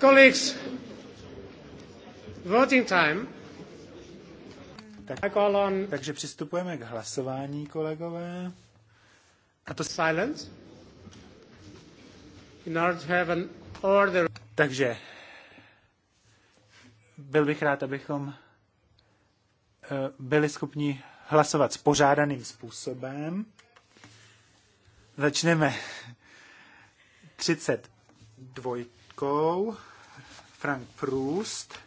Colleagues, voting time. Tak, takže přistupujeme k hlasování, kolegové. A to silence. In order to have an order. Takže byl bych rád, abychom eh, byli schopni hlasovat spořádaným způsobem. Začneme 32. Frank Proust.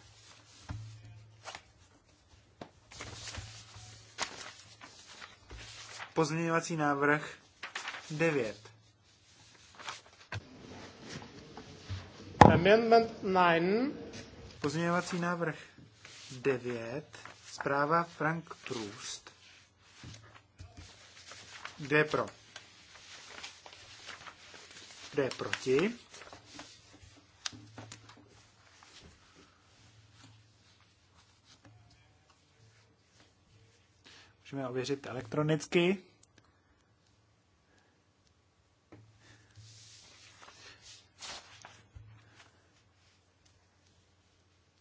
Pozměňovací návrh 9. Amendment 9. Pozměňovací návrh 9. Zpráva Frank Proust. Kde je pro? Kde je proti? Můžeme ověřit elektronicky.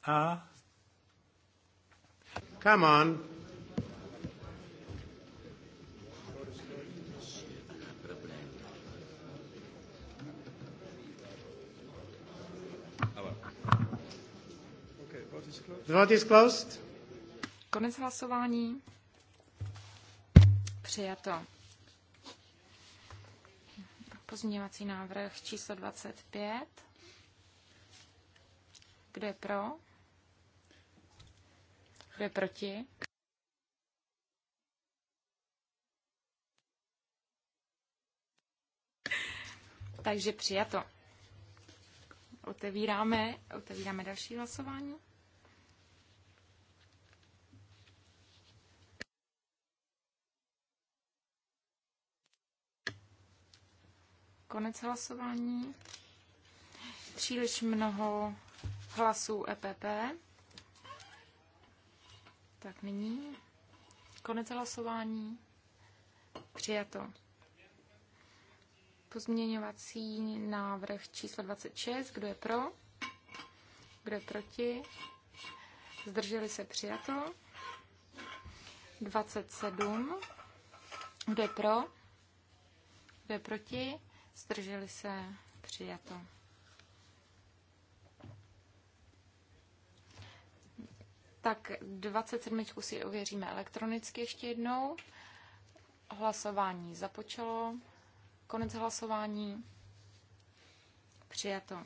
A Come on. Vote is closed. Konec hlasování. Přijato. Pozměňovací návrh číslo 25. Kdo je pro? Kdo je proti? Takže přijato. Otevíráme, otevíráme další hlasování. Konec hlasování. Příliš mnoho hlasů EPP. Tak nyní konec hlasování. Přijato. Pozměňovací návrh číslo 26. Kdo je pro? Kdo je proti? Zdrželi se přijato. 27. Kdo je pro? Kdo je proti? Zdrželi se? Přijato. Tak 27. si ověříme elektronicky ještě jednou. Hlasování započalo. Konec hlasování. Přijato.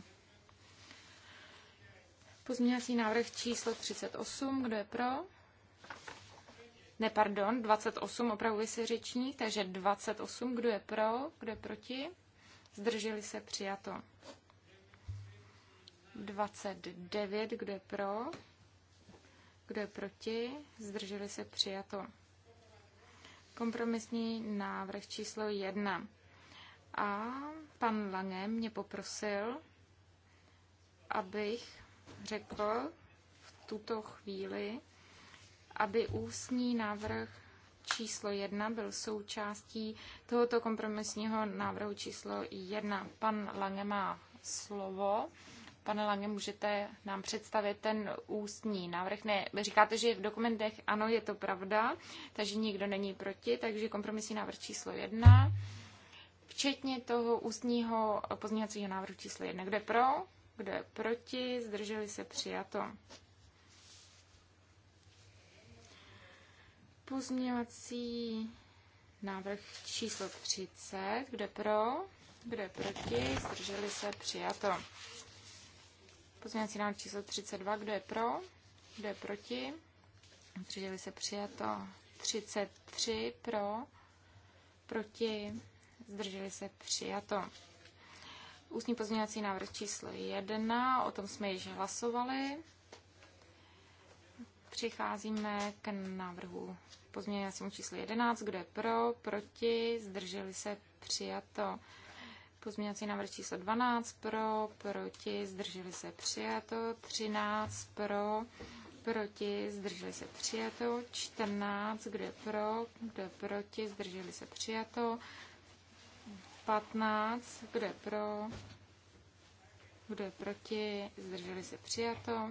Pozměňovací návrh číslo 38. Kdo je pro? Ne, pardon, 28, opravuje si řečník, takže 28, kdo je pro, kdo je proti? zdrželi se přijato. 29, kdo je pro, kdo je proti, zdrželi se přijato. Kompromisní návrh číslo 1. A pan Lange mě poprosil, abych řekl v tuto chvíli, aby ústní návrh číslo 1 byl součástí tohoto kompromisního návrhu číslo 1. Pan Lange má slovo. Pane Lange, můžete nám představit ten ústní návrh? Ne, říkáte, že v dokumentech, ano, je to pravda, takže nikdo není proti, takže kompromisní návrh číslo 1, včetně toho ústního pozměňovacího návrhu číslo 1. Kdo je pro? Kdo je proti? Zdrželi se přijato. Pozměňovací návrh číslo 30. Kde pro? Kde proti? Zdrželi se? Přijato. Pozměňovací návrh číslo 32. Kdo je pro? Kdo je proti? Zdrželi se? Přijato. 33 pro, proti, zdrželi se přijato. Ústní pozměňovací návrh číslo 1, o tom jsme již hlasovali. Přicházíme k návrhu pozměňovacímu číslu 11. Kdo je pro? Proti? Zdrželi se? Přijato. Pozměňovací návrh číslo 12 pro, proti, zdrželi se přijato, 13 pro, proti, zdrželi se přijato, 14, kdo je pro, kdo je proti, zdrželi se přijato, 15, kdo je pro, kdo je proti, zdrželi se přijato,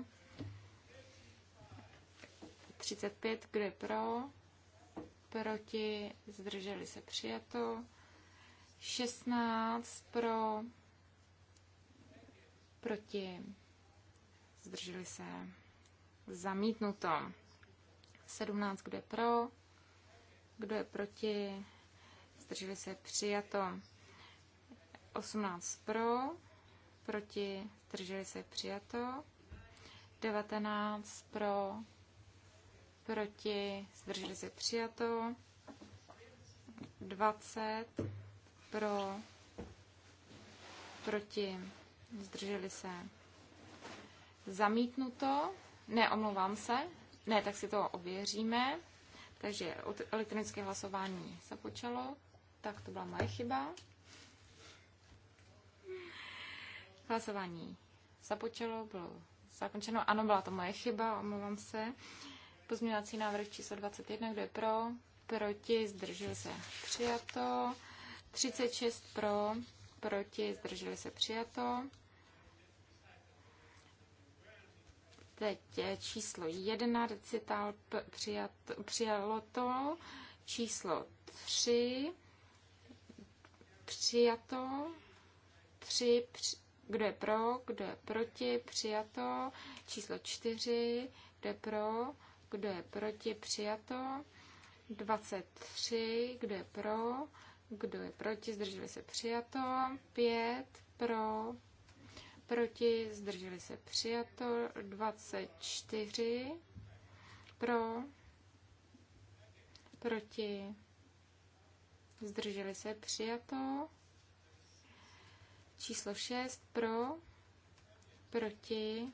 35, kdo je pro, proti, zdrželi se přijato. 16 pro, proti, zdrželi se zamítnuto. 17, kdo je pro, kdo je proti, zdrželi se přijato. 18 pro, proti, zdrželi se přijato. 19 pro, proti, zdrželi se přijato, 20 pro, proti, zdrželi se zamítnuto, ne, omlouvám se, ne, tak si to ověříme, takže elektronické hlasování započalo, tak to byla moje chyba. Hlasování započalo, bylo zakončeno, ano, byla to moje chyba, omlouvám se. Pozměňovací návrh číslo 21, kdo je pro? Proti, zdržel se, přijato. 36 pro, proti, zdrželi se, přijato. Teď je číslo 1, recital přijat, přijalo to. Číslo 3, přijato. 3, při, kdo je pro, kdo je proti, přijato. Číslo 4, kdo je pro, kdo je proti, přijato. 23, kdo je pro, kdo je proti, zdrželi se, přijato. 5, pro, proti, zdrželi se, přijato. 24, pro, proti, zdrželi se, přijato. Číslo 6, pro, proti,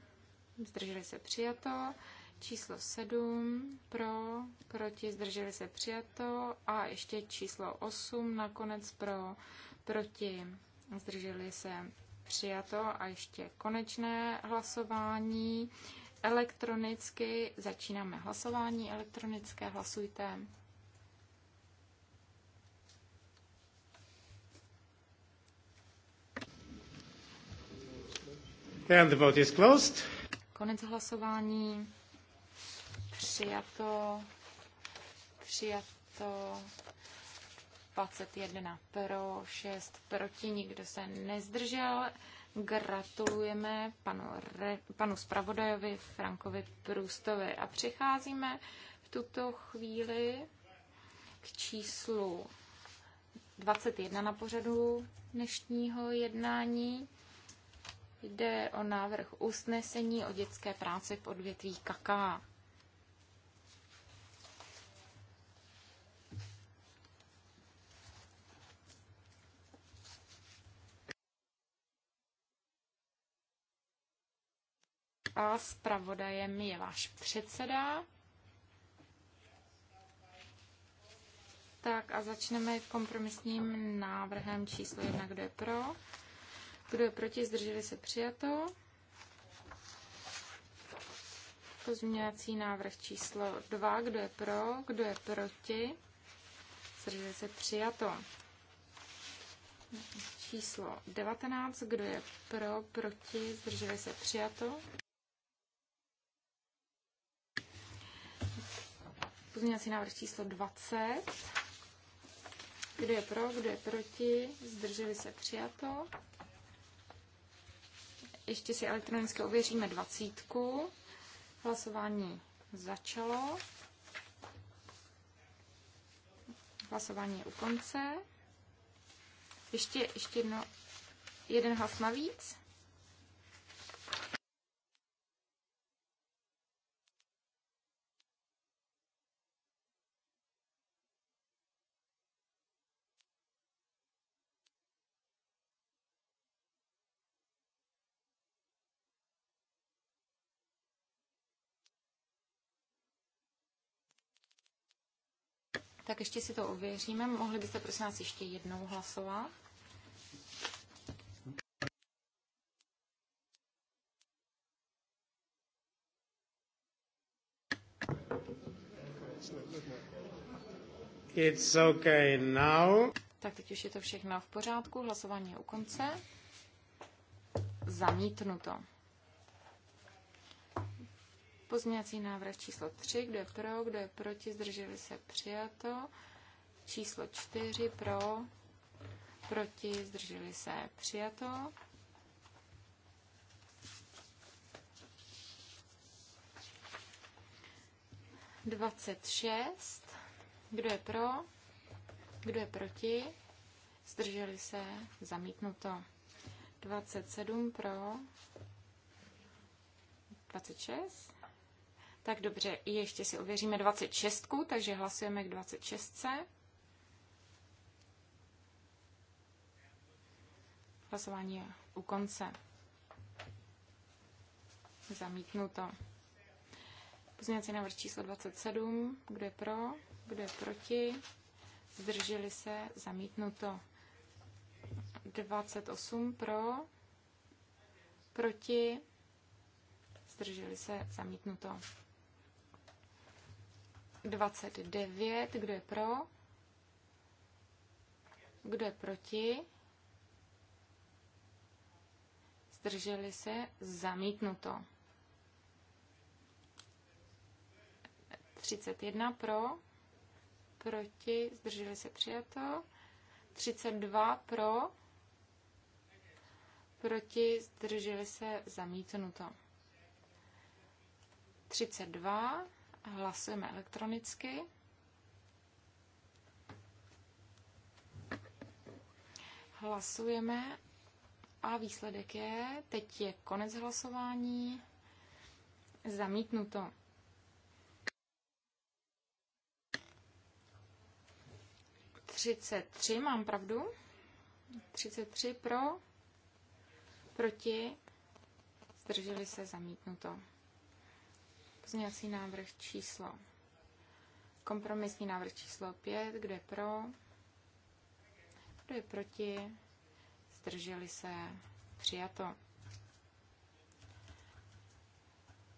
zdrželi se, přijato. Číslo 7 pro, proti, zdrželi se přijato. A ještě číslo 8 nakonec pro, proti, zdrželi se přijato. A ještě konečné hlasování elektronicky. Začínáme hlasování elektronické, hlasujte. And the vote is closed. Konec hlasování přijato, přijato 21 pro, 6 proti, nikdo se nezdržel. Gratulujeme panu, Re, panu spravodajovi Frankovi Průstovi a přicházíme v tuto chvíli k číslu 21 na pořadu dnešního jednání. Jde o návrh usnesení o dětské práci v odvětví kaká. a zpravodajem je váš předseda. Tak a začneme kompromisním návrhem číslo jedna, kdo je pro. Kdo je proti, zdrželi se přijato. Pozměňovací návrh číslo 2, kdo je pro, kdo je proti, zdrželi se přijato. Číslo 19, kdo je pro, proti, zdrželi se přijato. Pozměňovací návrh číslo 20. Kdo je pro, kdo je proti? Zdrželi se přijato. Ještě si elektronicky ověříme dvacítku. Hlasování začalo. Hlasování je u konce. Ještě, ještě jedno, jeden hlas navíc. tak ještě si to ověříme. Mohli byste prosím nás ještě jednou hlasovat? It's okay now. Tak teď už je to všechno v pořádku. Hlasování je u konce. Zamítnuto. Pozměňovací návrh číslo 3, kdo je pro, kdo je proti, zdrželi se přijato. Číslo 4 pro, proti, zdrželi se přijato. Dvacet šest. Kdo je pro? Kdo je proti? Zdrželi se? Zamítnuto. Dvacet sedm pro. Dvacet šest. Tak dobře, ještě si ověříme 26, takže hlasujeme k 26. Hlasování je u konce. Zamítnuto. Pozměňovací návrh číslo 27. Kdo je pro? Kdo je proti? Zdrželi se? Zamítnuto. 28 pro, proti, zdrželi se, zamítnuto. 29. Kdo je pro? Kdo je proti? Zdrželi se? Zamítnuto. 31 pro, proti, zdrželi se přijato. 32 pro, proti, zdrželi se zamítnuto. 32 Hlasujeme elektronicky. Hlasujeme a výsledek je, teď je konec hlasování, zamítnuto. Třicet tři, mám pravdu? 33 pro, proti, zdrželi se zamítnuto. Pozměňovací návrh číslo. Kompromisní návrh číslo 5. Kdo je pro? Kdo je proti? Zdrželi se? Přijato.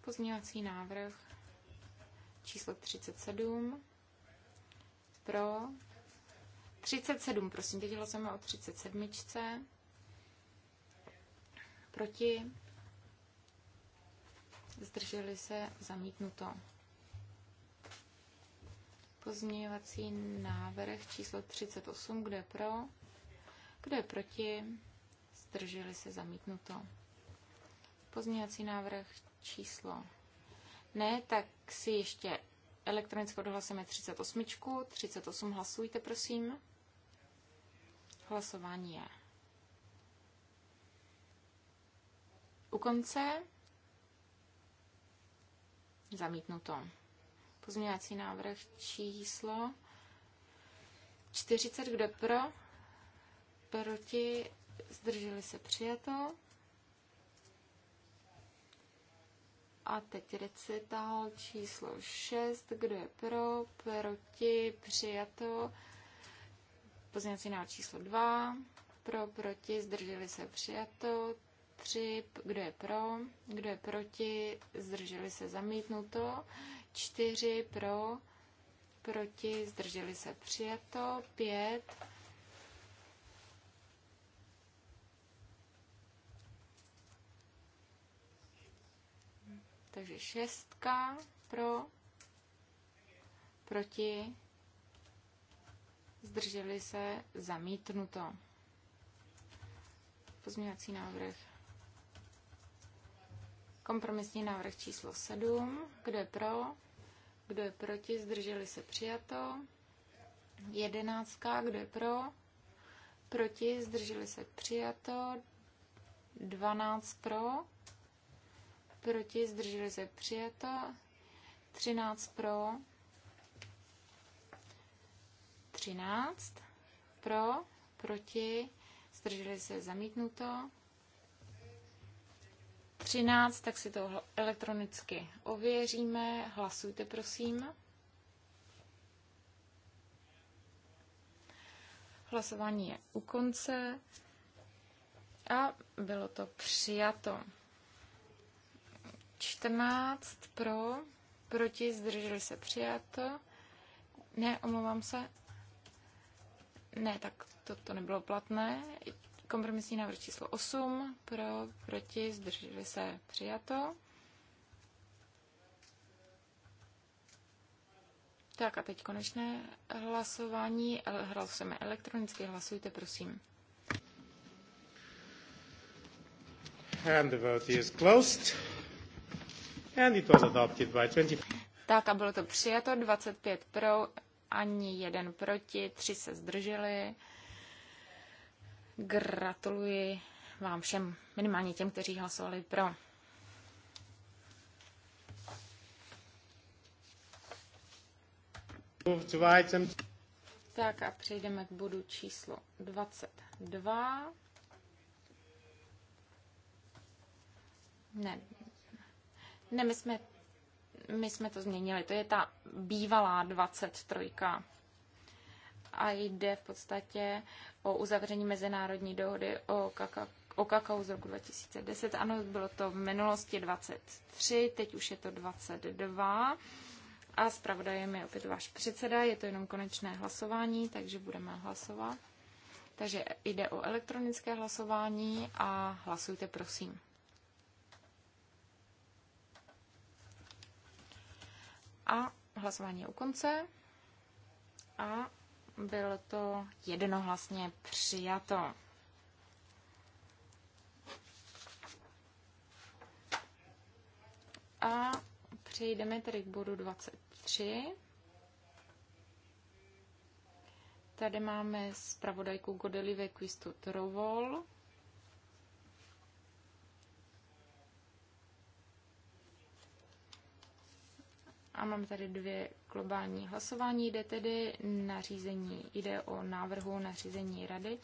Pozměňovací návrh číslo 37. Pro 37, prosím, teď hlasujeme o 37. Proti zdrželi se, zamítnuto. Pozměňovací návrh číslo 38, kde pro, kde proti, zdrželi se, zamítnuto. Pozměňovací návrh číslo ne, tak si ještě elektronicky odhlasujeme 38. 38 hlasujte, prosím. Hlasování je u konce. Zamítnuto. Pozměňovací návrh číslo 40, kdo pro? Proti? Zdrželi se přijato. A teď recital číslo 6, kdo je pro? Proti? Přijato. Pozměňovací návrh číslo 2, pro? Proti? Zdrželi se přijato. 3, kdo je pro, kdo je proti, zdrželi se zamítnuto, 4 pro, proti, zdrželi se přijato, 5, takže šestka pro, proti, zdrželi se zamítnuto pozměňovací návrh Kompromisní návrh číslo 7. Kdo je pro? Kdo je proti? Zdrželi se přijato. Jedenáctka. Kdo je pro? Proti? Zdrželi se přijato. 12 pro. Proti? Zdrželi se přijato. 13 pro. 13 pro. Proti? Zdrželi se zamítnuto. 13, tak si to elektronicky ověříme. Hlasujte, prosím. Hlasování je u konce a bylo to přijato. 14 pro, proti, zdrželi se přijato. Ne, omlouvám se. Ne, tak to, to nebylo platné. Kompromisní návrh číslo 8 pro, proti, zdrželi se přijato. Tak a teď konečné hlasování. Hlasujeme elektronicky, hlasujte prosím. And the vote is closed. And it was adopted by 20... Tak a bylo to přijato 25 pro, ani jeden proti, tři se zdrželi. Gratuluji vám všem, minimálně těm, kteří hlasovali pro. Tak a přejdeme k bodu číslo 22. Ne, ne my, jsme, my jsme to změnili. To je ta bývalá 23. A jde v podstatě o uzavření mezinárodní dohody o kakao, o kakao z roku 2010. Ano, bylo to v minulosti 23, teď už je to 22. A zpravodajem je opět váš předseda, je to jenom konečné hlasování, takže budeme hlasovat. Takže jde o elektronické hlasování a hlasujte, prosím. A hlasování je u konce. A bylo to jednohlasně přijato. A přejdeme tedy k bodu 23. Tady máme zpravodajku Godelive Quistu Trovol. A mám tady dvě globální hlasování. Jde tedy nařízení, jde o návrhu nařízení rady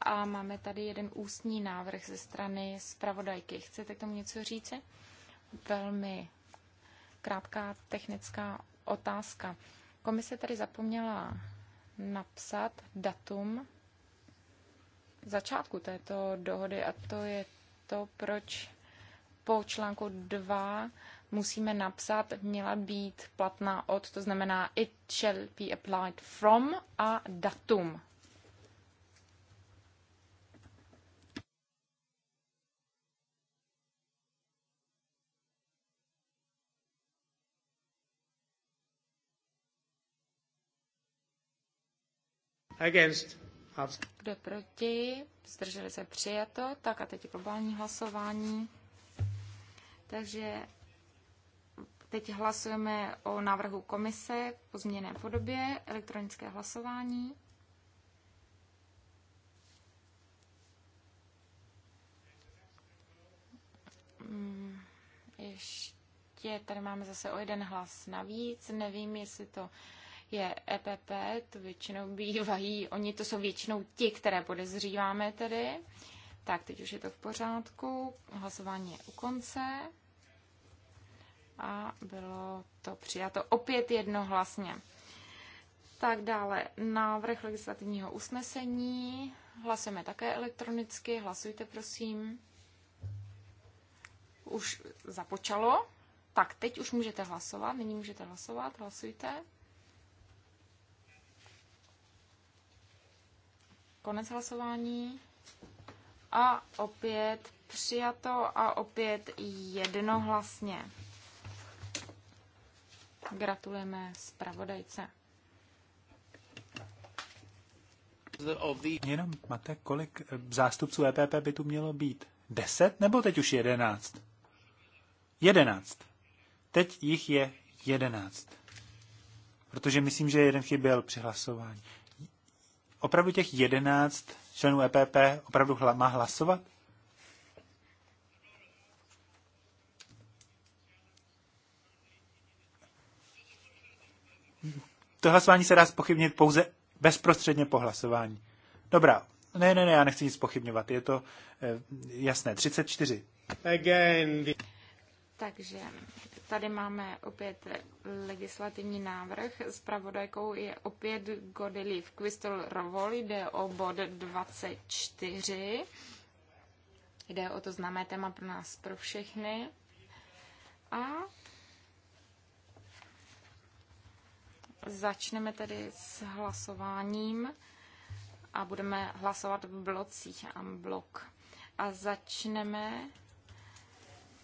a máme tady jeden ústní návrh ze strany zpravodajky. Chcete k tomu něco říci? Velmi krátká technická otázka. Komise tady zapomněla napsat datum začátku této dohody a to je to, proč po článku 2 musíme napsat, měla být platná od, to znamená it shall be applied from a datum. Against. Kdo proti? Zdrželi se přijato. Tak a teď globální hlasování. Takže teď hlasujeme o návrhu komise v pozměněné podobě, elektronické hlasování. Mm, ještě tady máme zase o jeden hlas navíc. Nevím, jestli to je EPP, to většinou bývají, oni to jsou většinou ti, které podezříváme tedy. Tak, teď už je to v pořádku. Hlasování je u konce a bylo to přijato opět jednohlasně. Tak dále, návrh legislativního usnesení. Hlasujeme také elektronicky. Hlasujte, prosím. Už započalo. Tak, teď už můžete hlasovat. Nyní můžete hlasovat. Hlasujte. Konec hlasování. A opět přijato a opět jednohlasně. Gratulujeme zpravodajce. Jenom, máte kolik eh, zástupců EPP by tu mělo být? Deset nebo teď už jedenáct? Jedenáct. Teď jich je jedenáct. Protože myslím, že jeden chyběl při hlasování. Opravdu těch jedenáct členů EPP opravdu hla, má hlasovat? to hlasování se dá spochybnit pouze bezprostředně po hlasování. Dobrá, ne, ne, ne, já nechci nic pochybňovat, je to eh, jasné. 34. Again. Takže tady máme opět legislativní návrh. s pravodajkou je opět v Quistol Rovoli, jde o bod 24. Jde o to známé téma pro nás, pro všechny. A Začneme tedy s hlasováním a budeme hlasovat v blocích a blok. A začneme,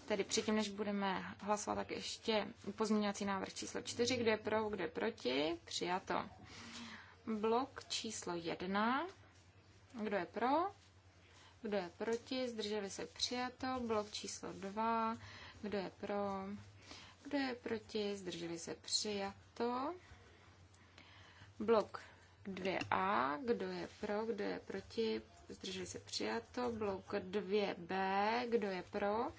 tedy předtím, než budeme hlasovat, tak ještě pozměňovací návrh číslo 4, kde je pro, kde je proti, přijato. Blok číslo 1, kdo je pro, kdo je proti, zdrželi se přijato. Blok číslo 2, kdo je pro, kdo je proti, zdrželi se přijato. Blok 2A, kdo je pro, kdo je proti, zdrželi se přijato. Blok 2B, kdo je pro,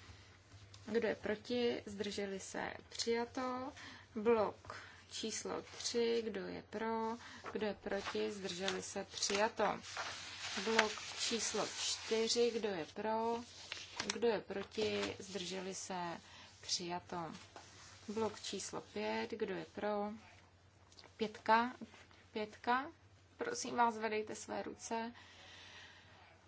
kdo je proti, zdrželi se přijato. Blok číslo 3, kdo je pro, kdo je proti, zdrželi se přijato. Blok číslo 4, kdo je pro, kdo je proti, zdrželi se přijato. Blok číslo 5, kdo je pro, pětka, Pětka. Prosím vás, vedejte své ruce.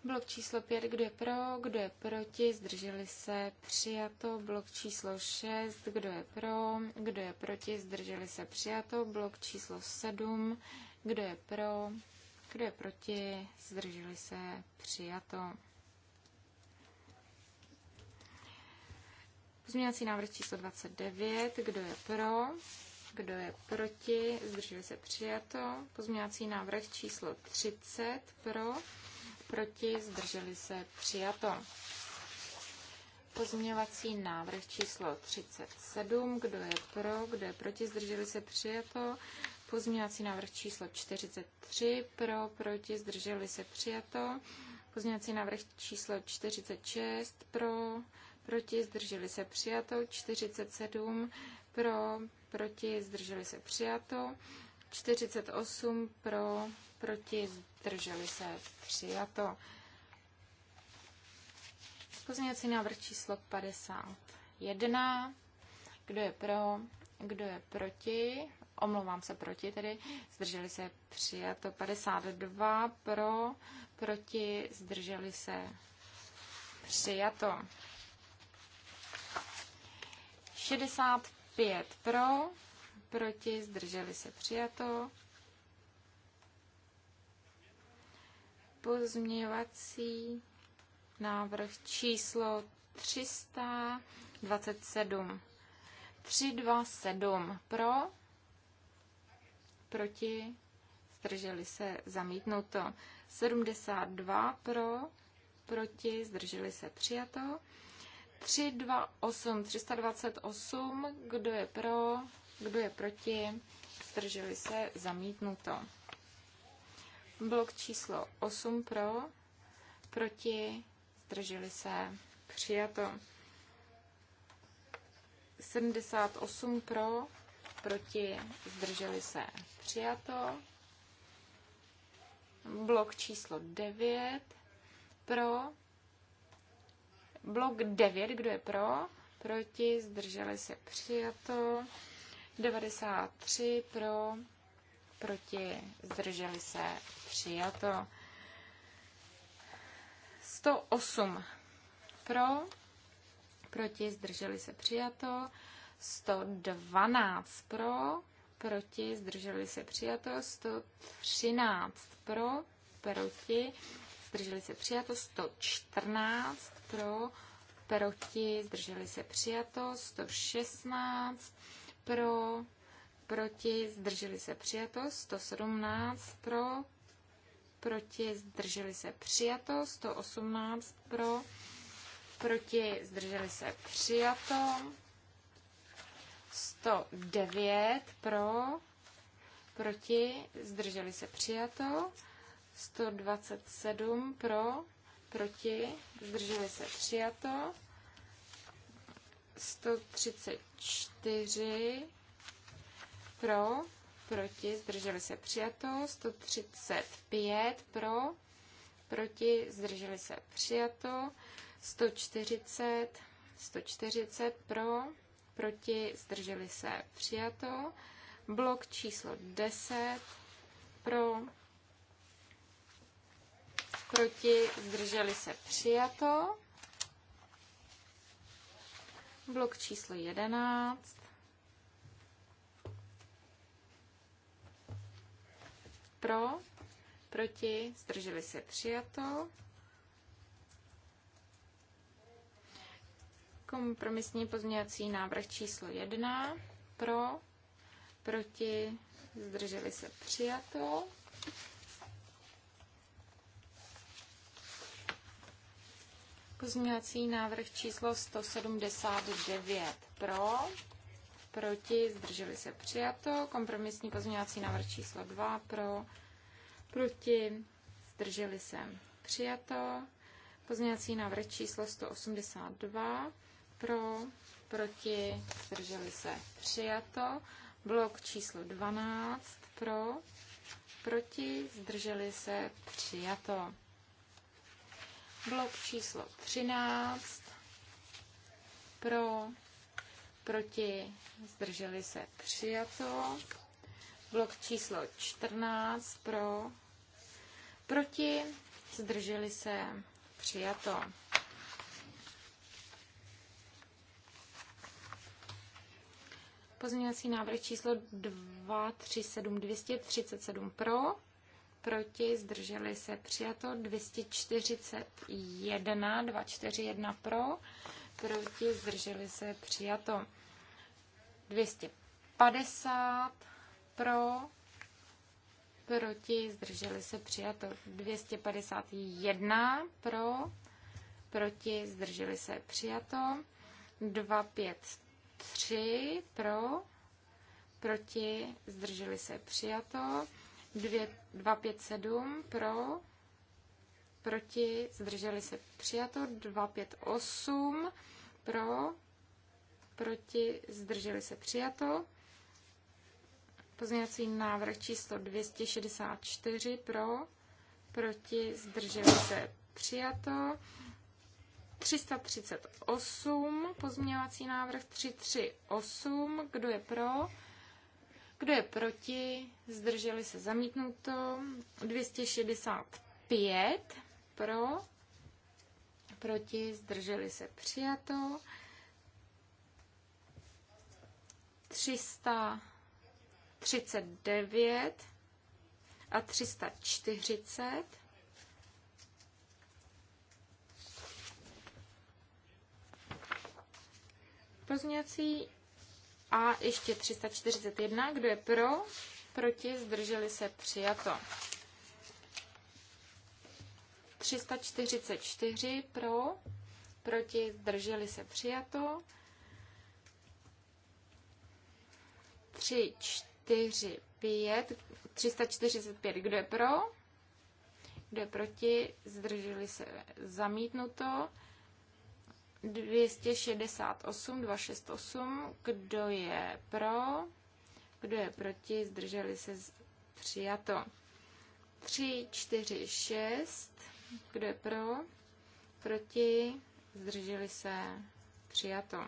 Blok číslo 5, kdo je pro, kdo je proti, zdrželi se, přijato. Blok číslo 6, kdo je pro, kdo je proti, zdrželi se, přijato. Blok číslo 7, kdo je pro, kdo je proti, zdrželi se, přijato. Pozměňovací návrh číslo 29, kdo je pro, kdo je proti? Zdržel se přijato. Pozměňovací návrh číslo 30 pro. Proti? Zdrželi se přijato. Pozměňovací návrh číslo 37. Kdo je pro? Kdo je proti? Zdrželi se přijato. Pozměňovací návrh číslo 43. Pro, proti? Zdrželi se přijato. Pozměňovací návrh číslo 46. Pro, proti? Zdrželi se přijato. 47. Pro, proti, zdrželi se přijato. 48 pro, proti, zdrželi se přijato. Pozměňovací návrh číslo 51. Kdo je pro, kdo je proti? Omlouvám se proti tedy. Zdrželi se přijato. 52 pro, proti, zdrželi se přijato. 65 5 pro, proti, zdrželi se přijato. Pozměňovací návrh číslo 327. 327 pro, proti, zdrželi se zamítnuto. 72 pro, proti, zdrželi se přijato. 328, 328, kdo je pro, kdo je proti, zdrželi se, zamítnuto. Blok číslo 8 pro, proti, zdrželi se, přijato. 78 pro, proti, zdrželi se, přijato. Blok číslo 9 pro, Blok 9, kdo je pro? Proti, zdrželi se přijato. 93 pro, proti, zdrželi se přijato. 108 pro, proti, zdrželi se přijato. 112 pro, proti, zdrželi se přijato. 113 pro, proti, zdrželi se přijato 114 pro, proti, zdrželi se přijato 116 pro, proti, zdrželi se přijato 117 pro, proti, zdrželi se přijato 118 pro, proti, zdrželi se přijato 109 pro, proti, zdrželi se přijato 127 pro, proti, zdrželi se přijato. 134 pro, proti, zdrželi se přijato. 135 pro, proti, zdrželi se přijato. 140, 140 pro, proti, zdrželi se přijato. Blok číslo 10 pro, proti, zdrželi se přijato. Blok číslo 11. Pro, proti, zdrželi se přijato. Kompromisní pozměňovací návrh číslo 1. Pro, proti, zdrželi se přijato. Pozměňovací návrh číslo 179 pro, proti, zdrželi se přijato. Kompromisní pozměňovací návrh číslo 2 pro, proti, zdrželi se přijato. Pozměňovací návrh číslo 182 pro, proti, zdrželi se přijato. Blok číslo 12 pro, proti, zdrželi se přijato. Blok číslo 13 pro, proti, zdrželi se přijato. Blok číslo 14 pro, proti, zdrželi se přijato. Pozměňovací návrh číslo 237 237 pro proti, zdrželi se přijato 241, 241 pro, proti, zdrželi se přijato 250 pro, proti, zdrželi se přijato 251 pro, proti, zdrželi se přijato 253 pro, proti, zdrželi se přijato 257 pro, proti, zdrželi se přijato, 258 pro, proti, zdrželi se přijato. Pozměňovací návrh číslo 264 pro, proti, zdrželi se přijato. 338 pozměňovací návrh 338, kdo je pro, kdo je proti? Zdrželi se zamítnuto. 265 pro. Proti? Zdrželi se přijato. 339 a 340. Pozměňovací a ještě 341, kdo je pro, proti, zdrželi se, přijato. 344 pro, proti, zdrželi se, přijato. 3, 4, 5, 345, kdo je pro, kdo je proti, zdrželi se, zamítnuto. 268, 268, kdo je pro, kdo je proti, zdrželi se přijato. 3, 4, 6, kdo je pro, proti, zdrželi se přijato.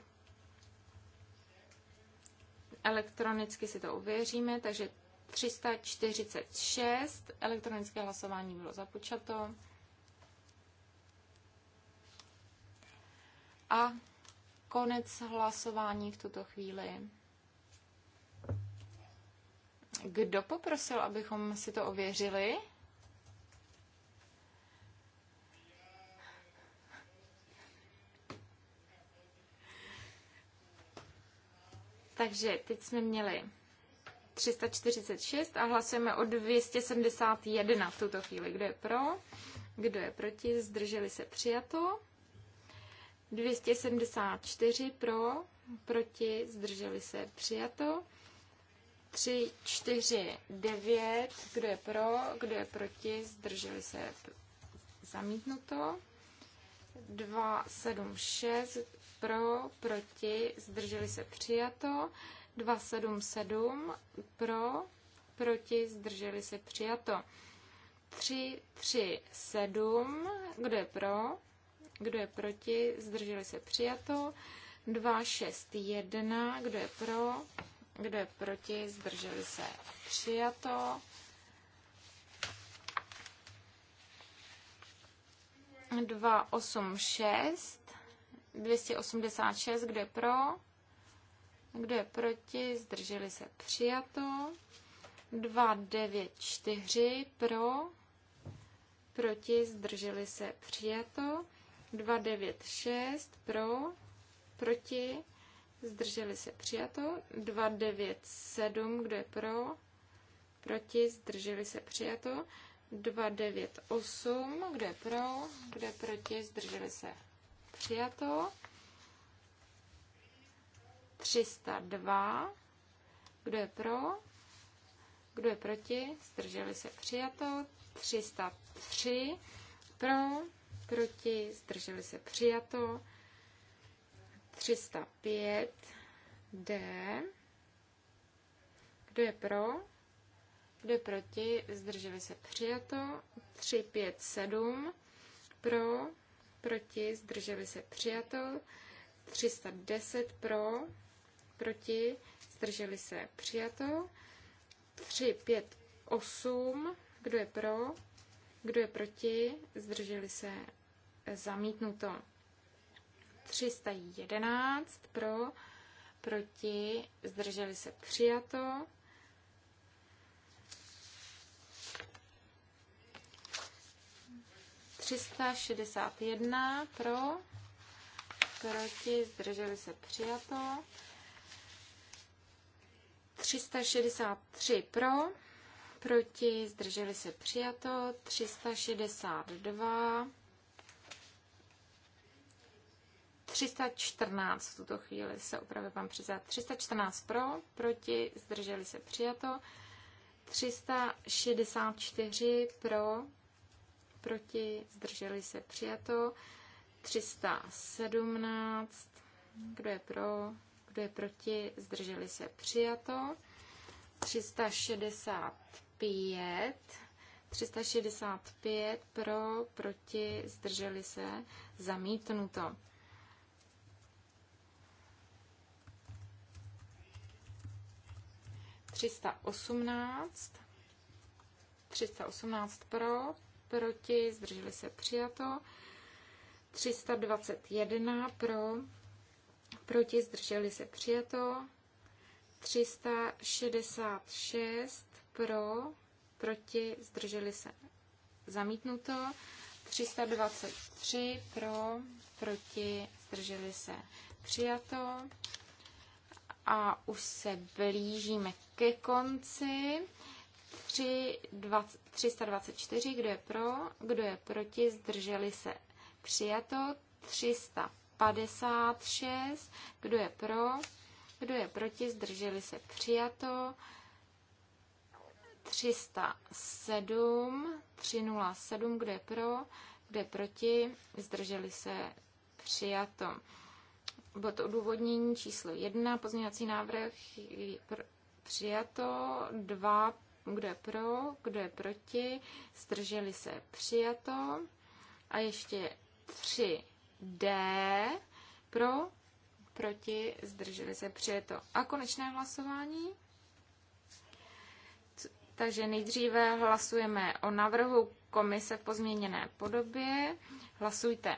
Elektronicky si to uvěříme, takže 346, elektronické hlasování bylo započato. A konec hlasování v tuto chvíli. Kdo poprosil, abychom si to ověřili? Takže teď jsme měli 346 a hlasujeme o 271 v tuto chvíli. Kdo je pro? Kdo je proti? Zdrželi se přijato. 274 pro, proti, zdrželi se, přijato. 3, 4, 9, kdo je pro, kdo je proti, zdrželi se, zamítnuto. 2, 7, 6, pro, proti, zdrželi se, přijato. 2, 7, 7, pro, proti, zdrželi se, přijato. 3, 3, 7, kdo je pro, kdo je proti? Zdrželi se přijato. 1. Kdo je pro? Kdo je proti? Zdrželi se přijato. osmdesát 286. Kdo je pro? Kdo je proti? Zdrželi se přijato. čtyři pro, proti, zdrželi se přijato. 296 pro, proti, zdrželi se přijato. 297, kdo je pro, proti, zdrželi se přijato. 298, kdo je pro, kdo je proti, zdrželi se přijato. 302, kdo je pro, kdo je proti, zdrželi se přijato. 303, pro, proti, zdrželi se přijato. 305 D. Kdo je pro? Kdo je proti? Zdrželi se přijato. 357 pro, proti, zdrželi se přijato. 310 pro, proti, zdrželi se přijato. 358, kdo je pro, kdo je proti? Zdrželi se zamítnuto. 311 pro, proti, zdrželi se přijato. Třista šedesát jedna pro, proti, zdrželi se přijato. 363 pro, proti, zdrželi se přijato, 362, 314 v tuto chvíli se opravdu pan předseda, 314 pro, proti, zdrželi se přijato, 364 pro, proti, zdrželi se přijato, 317, kdo je pro, kdo je proti, zdrželi se přijato, 360. 5, 365 pro, proti, zdrželi se, zamítnuto. Třista osmnáct, třista osmnáct pro, proti, zdrželi se přijato, třista dvacet jedna pro, proti, zdrželi se přijato, třista šedesát šest pro, proti, zdrželi se zamítnuto. 323 pro, proti, zdrželi se přijato. A už se blížíme ke konci. 3, 2, 324, kdo je pro, kdo je proti, zdrželi se přijato. 356, kdo je pro, kdo je proti, zdrželi se přijato. 307, 307, kde pro, kde proti, zdrželi se přijato. Bod odůvodnění číslo 1, pozměňovací návrh je pr- přijato, 2, kde pro, kde proti, zdrželi se přijato. A ještě 3D pro, proti, zdrželi se přijato. A konečné hlasování. Takže nejdříve hlasujeme o návrhu komise v pozměněné podobě. Hlasujte.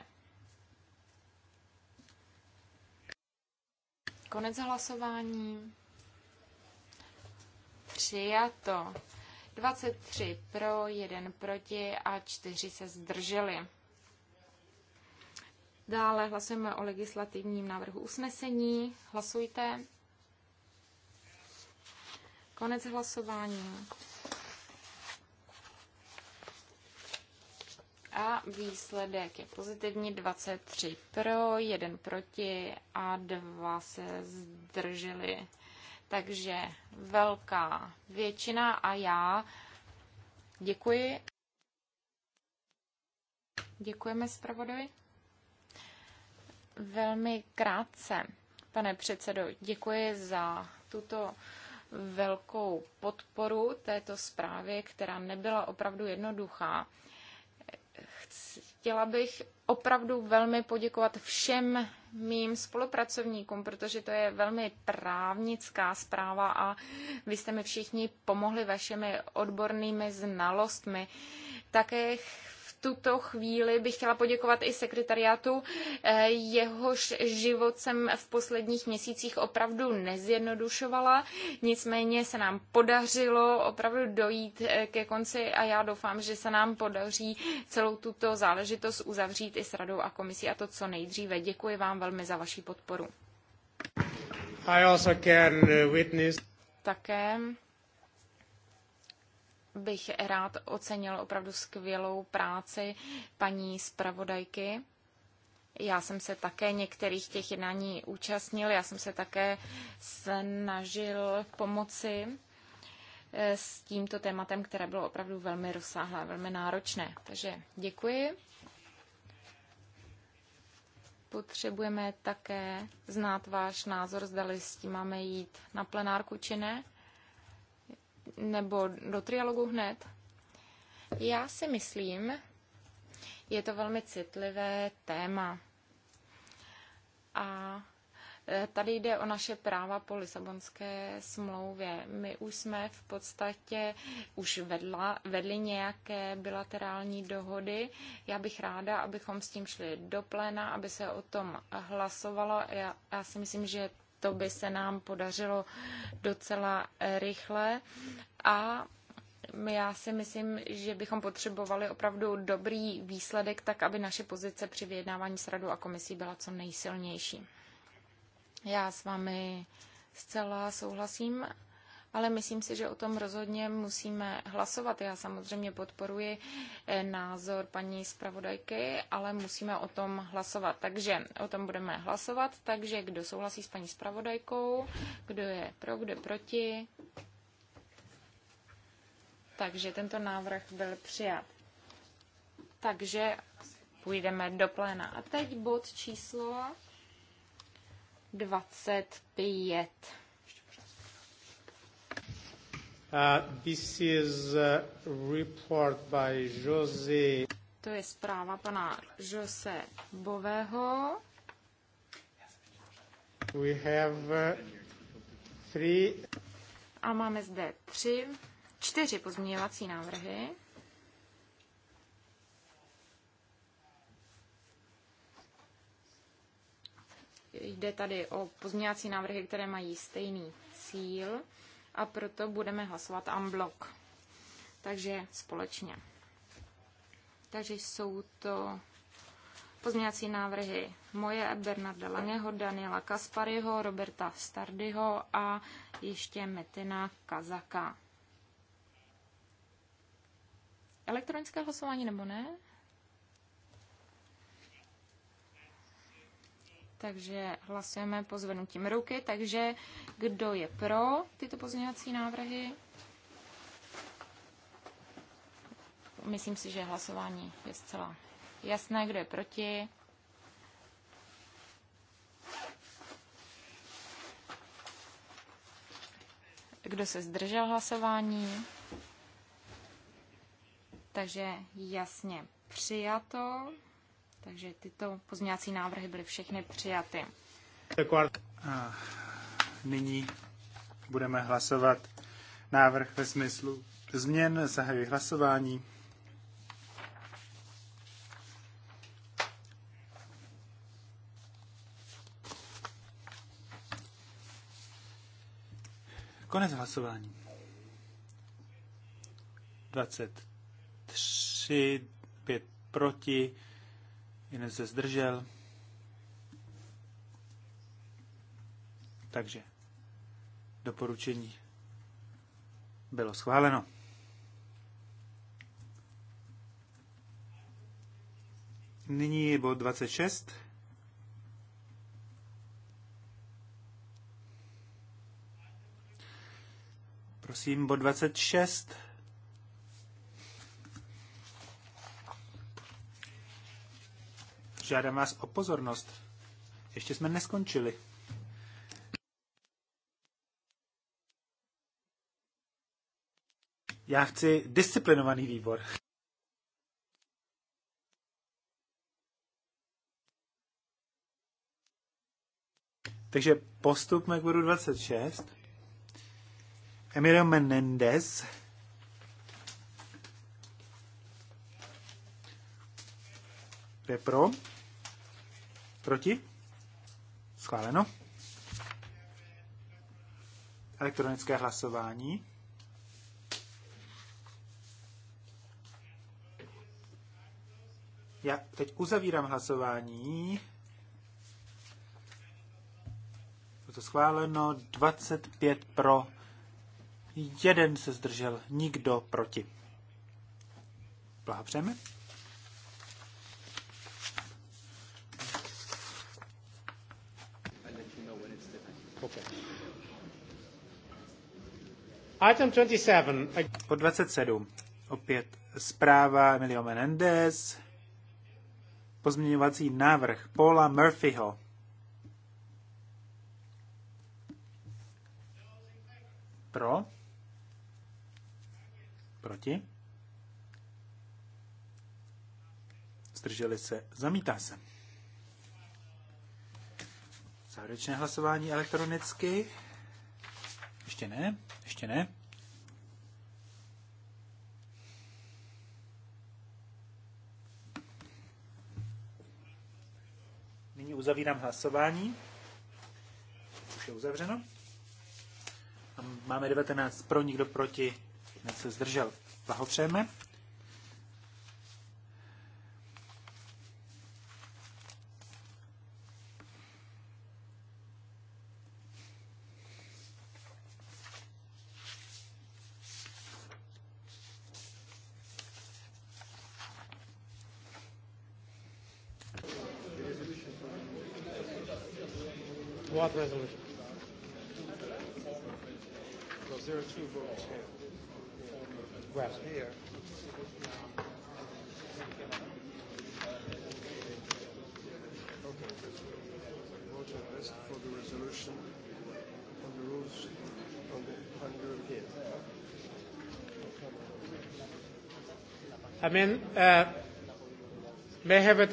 Konec hlasování. Přijato. 23 pro, 1 proti a 4 se zdrželi. Dále hlasujeme o legislativním návrhu usnesení. Hlasujte. Konec hlasování. a výsledek je pozitivní 23 pro, 1 proti a 2 se zdrželi. Takže velká většina a já děkuji. Děkujeme zpravodovi. Velmi krátce, pane předsedo, děkuji za tuto velkou podporu této zprávy, která nebyla opravdu jednoduchá chtěla bych opravdu velmi poděkovat všem mým spolupracovníkům, protože to je velmi právnická zpráva a vy jste mi všichni pomohli vašimi odbornými znalostmi. Také tuto chvíli bych chtěla poděkovat i sekretariátu, eh, jehož život jsem v posledních měsících opravdu nezjednodušovala. Nicméně se nám podařilo opravdu dojít eh, ke konci a já doufám, že se nám podaří celou tuto záležitost uzavřít i s radou a komisí a to co nejdříve. Děkuji vám velmi za vaši podporu. I also can eh, witness... Také bych rád ocenil opravdu skvělou práci paní zpravodajky. Já jsem se také některých těch jednání účastnil, já jsem se také snažil pomoci eh, s tímto tématem, které bylo opravdu velmi rozsáhlé, velmi náročné. Takže děkuji. Potřebujeme také znát váš názor, zdali s tím máme jít na plenárku či ne nebo do trialogu hned? Já si myslím, je to velmi citlivé téma. A e, Tady jde o naše práva po Lisabonské smlouvě. My už jsme v podstatě už vedla, vedli nějaké bilaterální dohody. Já bych ráda, abychom s tím šli do pléna, aby se o tom hlasovalo. Já, já si myslím, že to by se nám podařilo docela eh, rychle. A já si myslím, že bychom potřebovali opravdu dobrý výsledek, tak aby naše pozice při vyjednávání s radou a komisí byla co nejsilnější. Já s vámi zcela souhlasím ale myslím si, že o tom rozhodně musíme hlasovat. Já samozřejmě podporuji eh, názor paní zpravodajky, ale musíme o tom hlasovat. Takže o tom budeme hlasovat. Takže kdo souhlasí s paní zpravodajkou, kdo je pro, kdo je proti. Takže tento návrh byl přijat. Takže půjdeme do pléna. A teď bod číslo 25. Uh, this is a report by Jose. To je zpráva pana Jose Bového. We have uh, three. A máme zde tři, čtyři pozměňovací návrhy. Jde tady o pozměňovací návrhy, které mají stejný cíl a proto budeme hlasovat unblock. Takže společně. Takže jsou to pozměňovací návrhy moje, Bernarda Langeho, Daniela Kaspariho, Roberta Stardyho a ještě Metina Kazaka. Elektronické hlasování nebo ne? Takže hlasujeme po zvednutím ruky. Takže kdo je pro tyto pozměňovací návrhy? Myslím si, že hlasování je zcela jasné. Kdo je proti? Kdo se zdržel hlasování? Takže jasně přijato. Takže tyto pozměňovací návrhy byly všechny přijaty. A nyní budeme hlasovat návrh ve smyslu změn. Zahajuji hlasování. Konec hlasování. 23, 5 proti, Jeden se zdržel. Takže doporučení bylo schváleno. Nyní je bod 26. Prosím, bod 26. Žádám vás o pozornost. Ještě jsme neskončili. Já chci disciplinovaný výbor. Takže postup k bodu 26. Emilio Menendez. Je pro. Proti? Schváleno. Elektronické hlasování. Já teď uzavírám hlasování. Bylo to schváleno 25 pro, jeden se zdržel, nikdo proti. Blahopřejeme. Item 27. Po 27. Opět zpráva Emilio Menendez. Pozměňovací návrh Paula Murphyho. Pro. Proti. Zdrželi se. Zamítá se. Závěrečné hlasování elektronicky. Ještě ne, ještě ne. Nyní uzavírám hlasování. Už je uzavřeno. Máme 19 pro, nikdo proti, se zdržel. Blahopřejeme.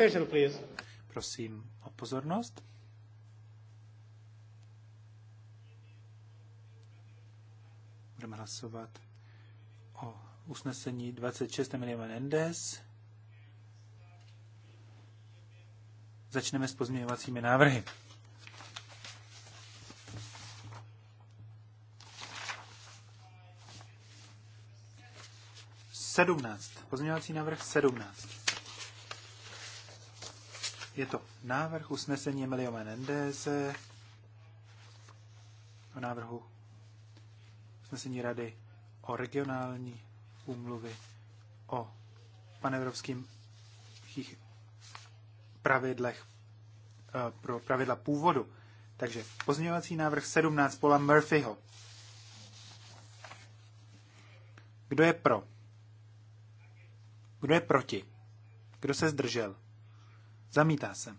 attention, please. Prosím o pozornost. Budeme hlasovat o usnesení 26 milionů NDS. Začneme s pozměňovacími návrhy. Sedmnáct. Pozměňovací návrh sedmnáct. Je to návrh usnesení Emilio Menendeze o návrhu usnesení Rady o regionální úmluvy o panevropských pravidlech eh, pro pravidla původu. Takže pozměňovací návrh 17 pola Murphyho. Kdo je pro? Kdo je proti? Kdo se zdržel? Zamítá se.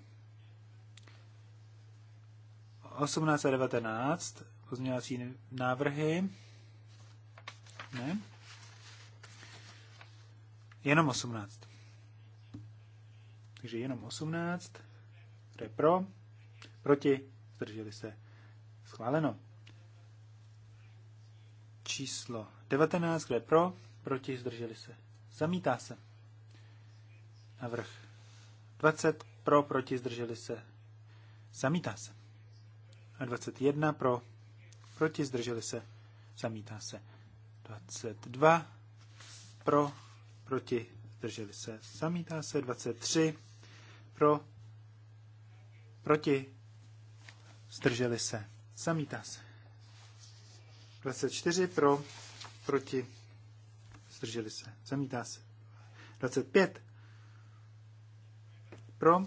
18 a 19 pozměňovací návrhy. Ne. Jenom 18. Takže jenom 18. To je pro? Proti? Zdrželi se. Schváleno. Číslo 19. Kdo je pro? Proti? Zdrželi se. Zamítá se. Navrh 20 pro, proti, zdrželi se. Zamítá se. A 21 pro, proti, zdrželi se. Zamítá se. 22 pro, proti, zdrželi se. Zamítá se. 23 pro, proti, zdrželi se. Zamítá se. 24 pro, proti, zdrželi se. Zamítá se. 25 pro,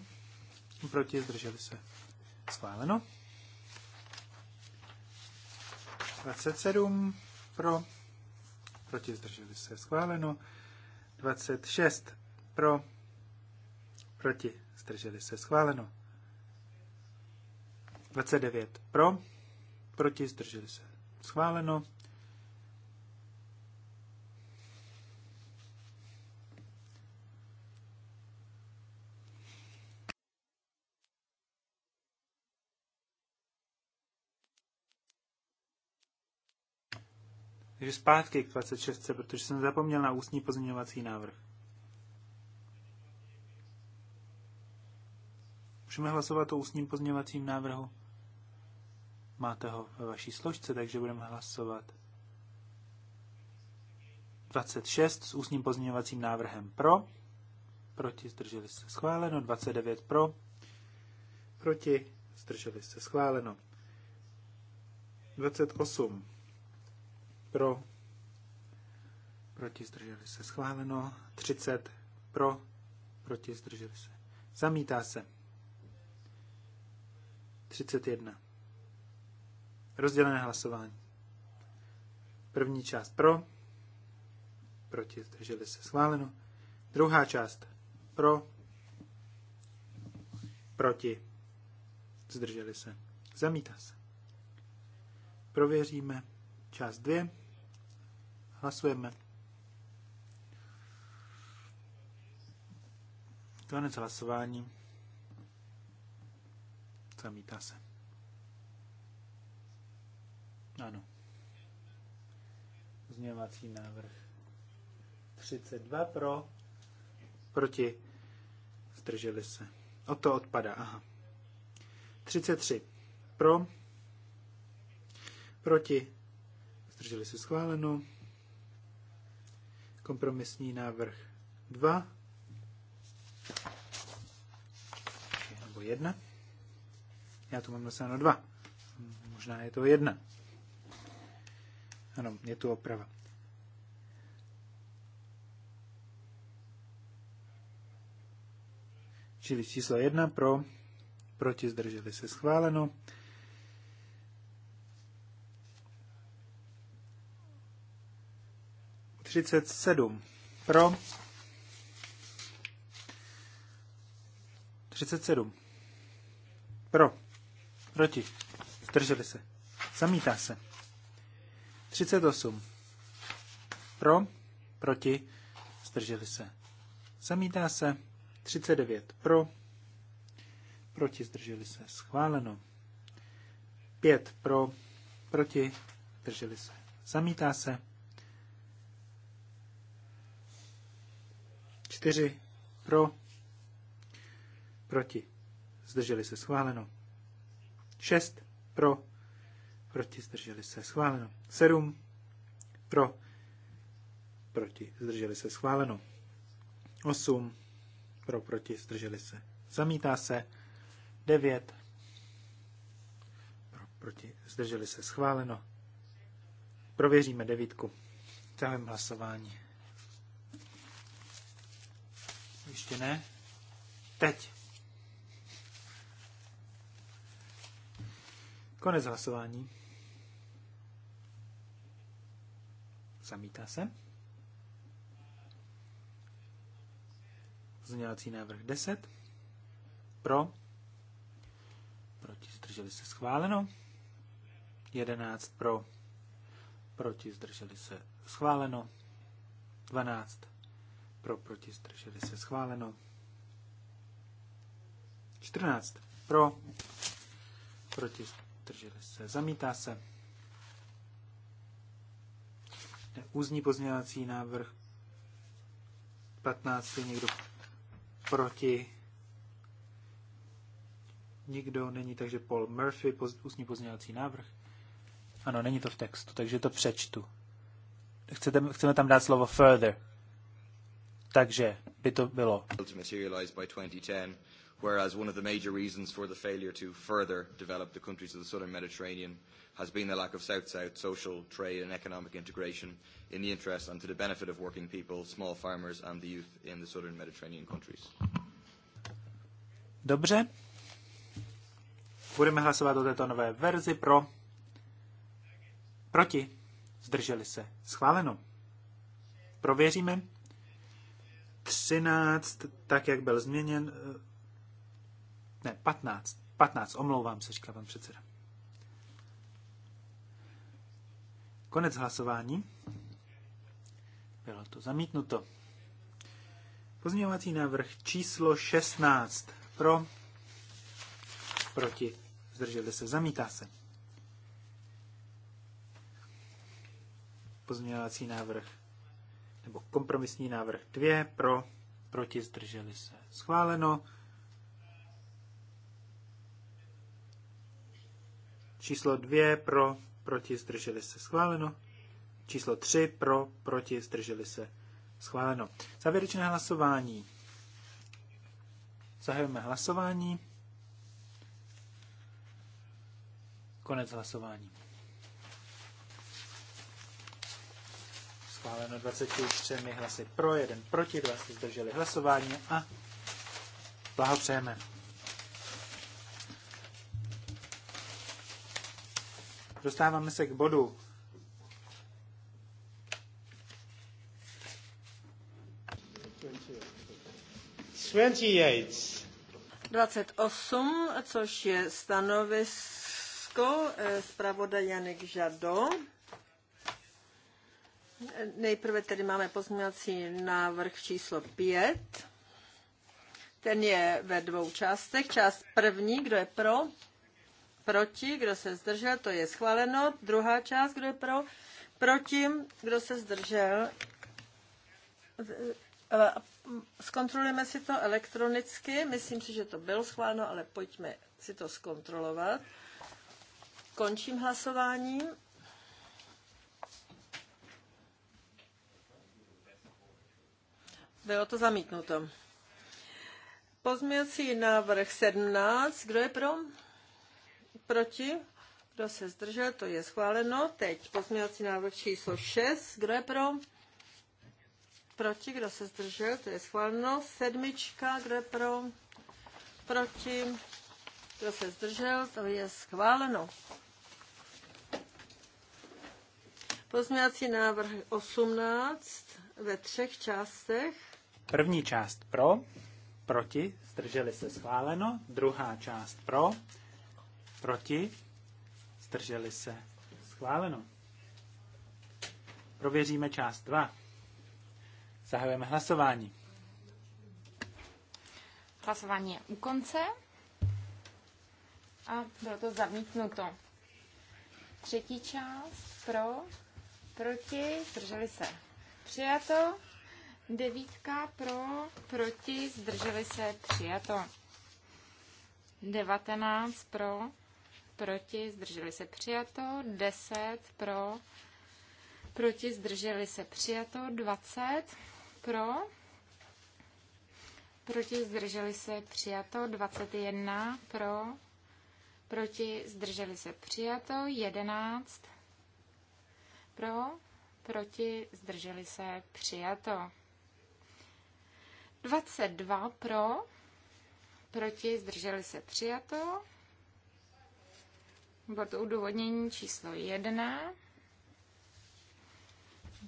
proti, zdrželi se. Schváleno. 27 pro, proti, zdrželi se. Schváleno. 26 pro, proti, zdrželi se. Schváleno. 29 pro, proti, zdrželi se. Schváleno. Takže zpátky k 26, protože jsem zapomněl na ústní pozměňovací návrh. Můžeme hlasovat o ústním pozměňovacím návrhu. Máte ho ve vaší složce, takže budeme hlasovat 26 s ústním pozměňovacím návrhem pro, proti zdrželi se schváleno, 29 pro, proti zdrželi se schváleno, 28 pro, proti zdrželi se schváleno, 30 pro, proti zdrželi se. Zamítá se. 31. Rozdělené hlasování. První část pro, proti zdrželi se schváleno. Druhá část pro, proti zdrželi se. Zamítá se. Prověříme část 2. Hlasujeme. Konec hlasování. Zamítá se. Ano. Změvací návrh. 32 pro, proti, zdrželi se. O to odpadá, aha. 33 pro, proti, zdrželi se schváleno. Kompromisní návrh 2 nebo 1. Já tu mám napsáno 2. Možná je to 1. Ano, je tu oprava. Čili číslo 1 pro, proti zdrželi se schváleno. 37 pro, 37 pro, proti, zdrželi se, zamítá se. 38 pro, proti, zdrželi se, zamítá se. 39 pro, proti, zdrželi se, schváleno. 5 pro, proti, zdrželi se, zamítá se. 4 pro, proti, zdrželi se schváleno. 6 pro, proti, zdrželi se schváleno. 7 pro, proti, zdrželi se schváleno. 8 pro, proti, zdrželi se. Zamítá se. 9 pro, proti, zdrželi se schváleno. Prověříme devítku. Zahájím hlasování. Ještě ne. Teď. Konec hlasování. Zamítá se. Pozměňovací návrh 10. Pro. Proti zdrželi se schváleno. 11 pro. Proti zdrželi se schváleno. 12 pro, proti, zdrželi se schváleno. 14. Pro, proti, zdrželi se. Zamítá se. Úzní pozměňovací návrh 15. Někdo proti. Nikdo není, takže Paul Murphy, poz, ústní pozměňovací návrh. Ano, není to v textu, takže to přečtu. Chcete, chceme tam dát slovo further. Takže by to bylo. Whereas one of the major reasons for the failure to further develop the countries of the southern Mediterranean has been the lack of South-South social, trade and economic integration in the interest and to the benefit of working people, small farmers and the youth in the southern Mediterranean countries. Dobře. Budeme hlasovat o této nové verzi pro. Proti. Zdrželi se. Schváleno. Prověříme. 13, tak jak byl změněn, eh, ne, 15, 15, omlouvám se, říká pan předseda. Konec hlasování. Bylo to zamítnuto. Pozměňovací návrh číslo 16. Pro, proti, zdrželi se, zamítá se. Pozměňovací návrh nebo kompromisní návrh 2 pro, proti zdrželi se. Schváleno. Číslo 2 pro, proti zdrželi se. Schváleno. Číslo 3 pro, proti zdrželi se. Schváleno. Závěrečné hlasování. Zahajujeme hlasování. Konec hlasování. Schváleno 23 hlasy pro, jeden proti, dva se zdrželi hlasování a blahopřejeme. Dostáváme se k bodu Dvacet osm, což je stanovisko eh, zpravodaj Janik Žado. Nejprve tedy máme pozměňovací návrh číslo 5. Ten je ve dvou částech. Část první, kdo je pro, proti, kdo se zdržel, to je schváleno. Druhá část, kdo je pro, proti, kdo se zdržel. Eh, zkontrolujeme si to elektronicky. Myslím si, že to bylo schváleno, ale pojďme si to zkontrolovat. Končím hlasováním. Bylo to zamítnuto. Pozměňovací návrh 17. Kdo je pro? Proti? Kdo se zdržel? To je schváleno. Teď pozměňovací návrh číslo 6. Kdo je pro? Proti? Kdo se zdržel? To je schváleno. Sedmička. Kdo je pro? Proti? Kdo se zdržel? To je schváleno. Pozměňovací návrh 18 ve třech částech. První část pro, proti, zdrželi se schváleno. Druhá část pro, proti, zdrželi se schváleno. Prověříme část 2. Zahajujeme hlasování. Hlasování je u konce a bylo to zamítnuto. Třetí část pro, proti, zdrželi se. Přijato. Devítka pro, proti, zdrželi se, přijato. Devatenáct pro, proti, zdrželi se, přijato. Deset pro, proti, zdrželi se, přijato. Dvacet pro, proti, zdrželi se, přijato. Dvacet jedna pro, proti, zdrželi se, přijato. Jedenáct pro, proti, zdrželi se, přijato. 22 pro, proti, zdrželi se přijato. Bylo to udůvodnění číslo 1.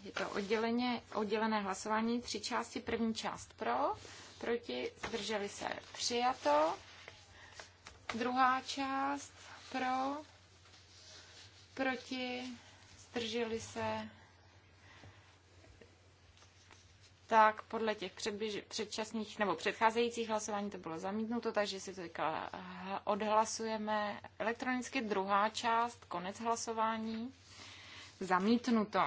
Je to odděleně, oddělené hlasování, tři části. První část pro, proti, zdrželi se přijato. Druhá část pro, proti, zdrželi se tak podle těch předběž, předčasných nebo předcházejících hlasování to bylo zamítnuto, takže si to teďka odhlasujeme. Elektronicky druhá část, konec hlasování, zamítnuto.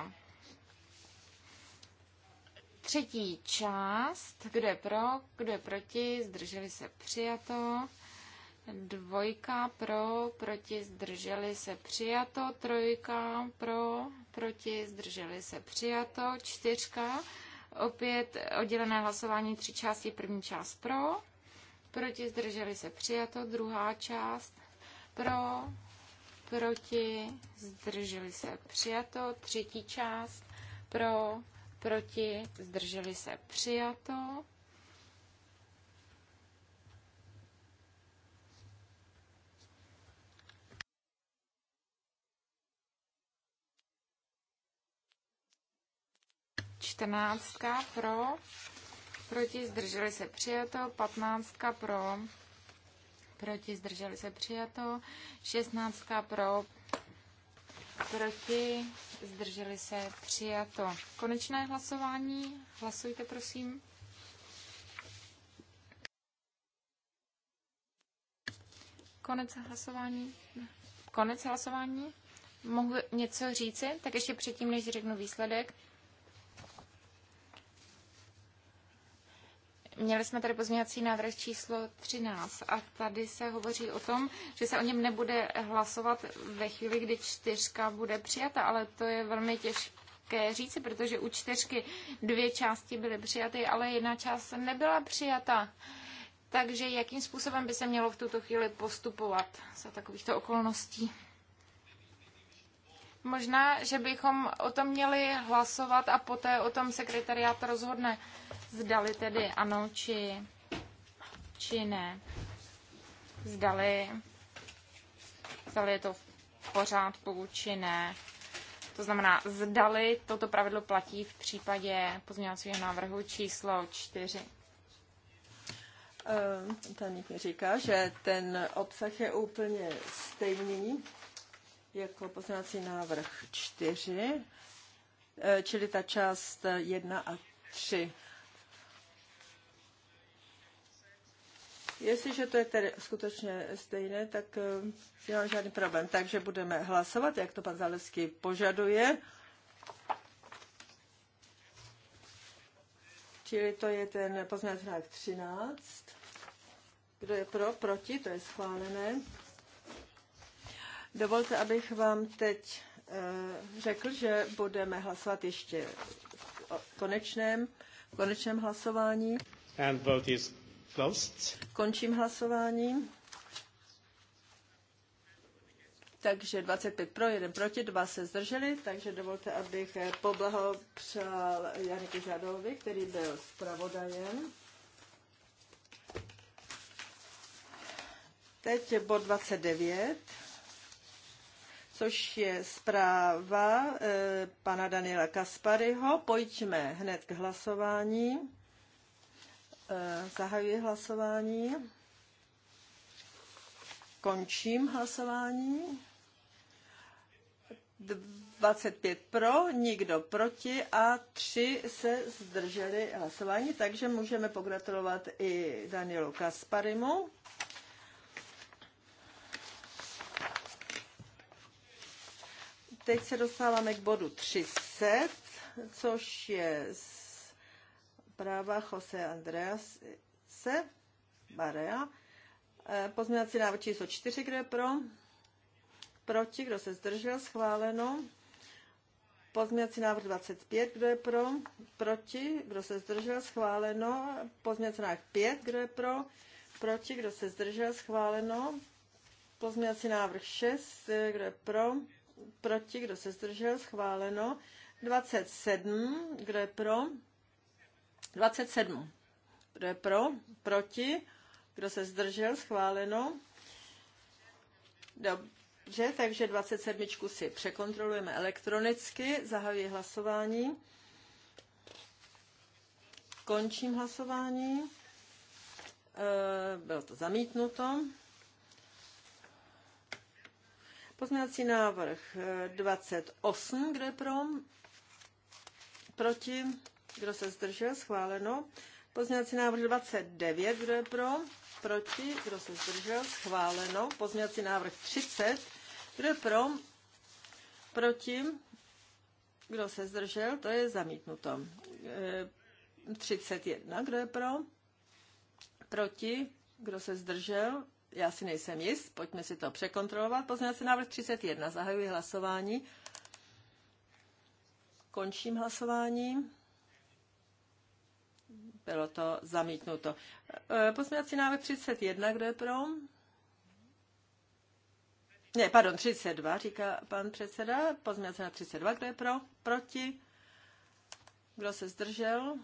Třetí část, kdo je pro, kdo je proti, zdrželi se přijato. Dvojka pro, proti, zdrželi se přijato. Trojka pro, proti, zdrželi se přijato. Čtyřka Opět oddělené hlasování tři části. První část pro, proti zdrželi se přijato. Druhá část pro, proti zdrželi se přijato. Třetí část pro, proti zdrželi se přijato. 14 pro, proti zdrželi se přijato, 15 pro, proti zdrželi se přijato, 16 pro, proti zdrželi se přijato. Konečné hlasování, hlasujte prosím. Konec hlasování. Konec hlasování. Mohu něco říci? Tak ještě předtím, než řeknu výsledek, Měli jsme tady pozměňovací návrh číslo 13 a tady se hovoří o tom, že se o něm nebude hlasovat ve chvíli, kdy čtyřka bude přijata, ale to je velmi těžké říci, protože u čtyřky dvě části byly přijaty, ale jedna část nebyla přijata. Takže jakým způsobem by se mělo v tuto chvíli postupovat za takovýchto okolností? Možná, že bychom o tom měli hlasovat a poté o tom sekretariát rozhodne, zdali tedy ano, či, či ne. Zdali, zdali je to v pořádku, či ne. To znamená, zdali toto pravidlo platí v případě pozměňovacího návrhu číslo 4. Ehm, Tanik mi říká, že ten obsah je úplně stejný jako poznávací návrh 4, eh, čili ta část 1 a 3. Jestliže to je tedy skutečně stejné, tak eh, nemám žádný problém. Takže budeme hlasovat, jak to pan Zalevský požaduje. Čili to je ten pozměňovací návrh 13. Kdo je pro, proti, to je schválené. Dovolte, abych vám teď eh, řekl, že budeme hlasovat ještě o konečném, konečném hlasování. And vote is closed. Končím hlasování. Takže 25 pro, 1 proti, 2 se zdrželi, takže dovolte, abych eh, poblahopřál Janiku Žadovi, který byl zpravodajem. Teď je bod 29 což je zpráva eh, pana Daniela Kasparyho. Pojďme hned k hlasování. Eh, zahajuji hlasování. Končím hlasování. 25 pro, nikdo proti a tři se zdrželi hlasování, takže můžeme pogratulovat i Danielu Kasparimu. Teď se dostáváme k bodu 300, což je práva Jose Andreas se Barea. E, pozměňovací návrh číslo 4, kdo je pro? Proti, kdo se zdržel? Schváleno. Pozměňovací návrh 25, kdo je pro? Proti, kdo se zdržel? Schváleno. Pozměňovací návrh 5, kdo je pro? Proti, kdo se zdržel? Schváleno. Pozměňovací návrh 6, kdo je pro? proti, kdo se zdržel, schváleno. 27, kdo je pro? 27, kdo je pro, proti, kdo se zdržel, schváleno. Dobře, takže 27 si překontrolujeme elektronicky, zahajuji hlasování. Končím hlasování. E, bylo to zamítnuto. Pozměňovací návrh 28, eh, kdo je pro? Proti? Kdo se zdržel? Schváleno. Pozměňovací návrh 29, kdo je pro? Proti? Kdo se zdržel? Schváleno. Pozměňovací návrh 30, kdo je pro? Proti? Kdo se zdržel? To je zamítnuto. 31, eh, kdo je pro? Proti? Kdo se zdržel? Já si nejsem jist, pojďme si to překontrolovat. Pozměňovací návrh 31. Zahajuji hlasování. Končím hlasování. Bylo to zamítnuto. E, pozměňovací návrh 31, kdo je pro? Ne, pardon, 32, říká pan předseda. Pozměňovací návrh 32, kdo je pro? Proti? Kdo se zdržel?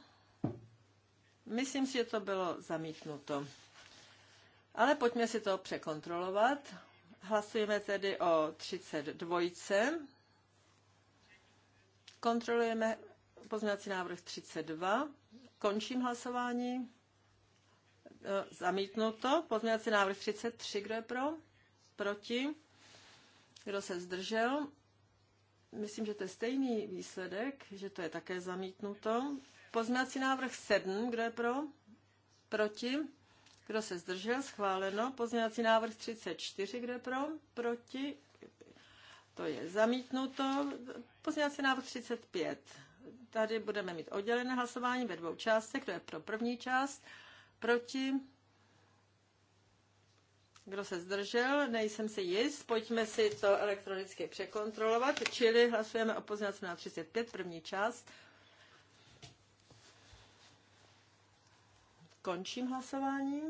Myslím si, že to bylo zamítnuto. Ale pojďme si to překontrolovat. Hlasujeme tedy o 32. Kontrolujeme pozměňovací návrh 32. Končím hlasování. E, zamítnuto. Pozměňovací návrh 33. Kdo je pro? Proti? Kdo se zdržel? Myslím, že to je stejný výsledek, že to je také zamítnuto. Pozměňovací návrh 7. Kdo je pro? Proti? Kdo se zdržel? Schváleno. Pozměňovací návrh 34. Kdo je pro? Proti? To je zamítnuto. Pozměňovací návrh 35. Tady budeme mít oddělené hlasování ve dvou částech. Kdo je pro první část? Proti? Kdo se zdržel? Nejsem si jist. Pojďme si to elektronicky překontrolovat. Čili hlasujeme o pozměňovacím návrhu 35, první část. Končím hlasování.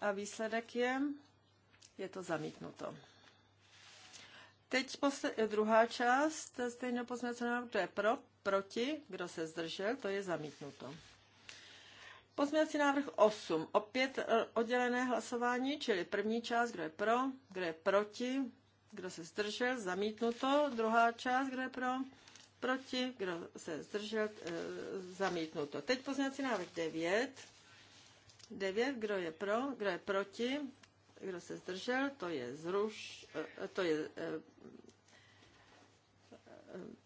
A výsledek je, je to zamítnuto. Teď posle- eh, druhá část stejného pozměňovacího návrhu, to je pro, proti, kdo se zdržel, to je zamítnuto. Pozměňovací návrh 8. Opět eh, oddělené hlasování, čili první část, kdo je pro, kdo je proti, kdo se zdržel, zamítnuto. Druhá část, kdo je pro, proti, kdo se zdržel, e, to. Teď pozměňovací návrh 9. 9, kdo je pro, kdo je proti, kdo se zdržel, to je zruš, e, to je e,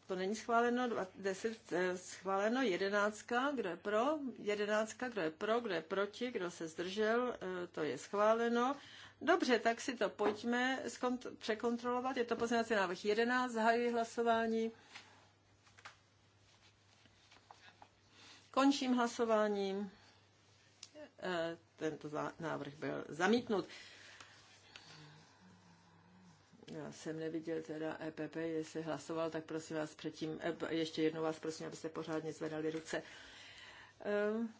to není schváleno, 10 schváleno, 11, kdo je pro, 11, kdo je pro, kdo je proti, kdo se zdržel, to je schváleno. Dobře, tak si to pojďme překontrolovat. Je to pozměňovací návrh 11, zahajuji hlasování. Končím hlasováním. E, tento návrh byl zamítnut. Já jsem neviděl teda EPP, jestli hlasoval, tak prosím vás předtím, e, ještě jednou vás prosím, abyste pořádně zvedali ruce. E,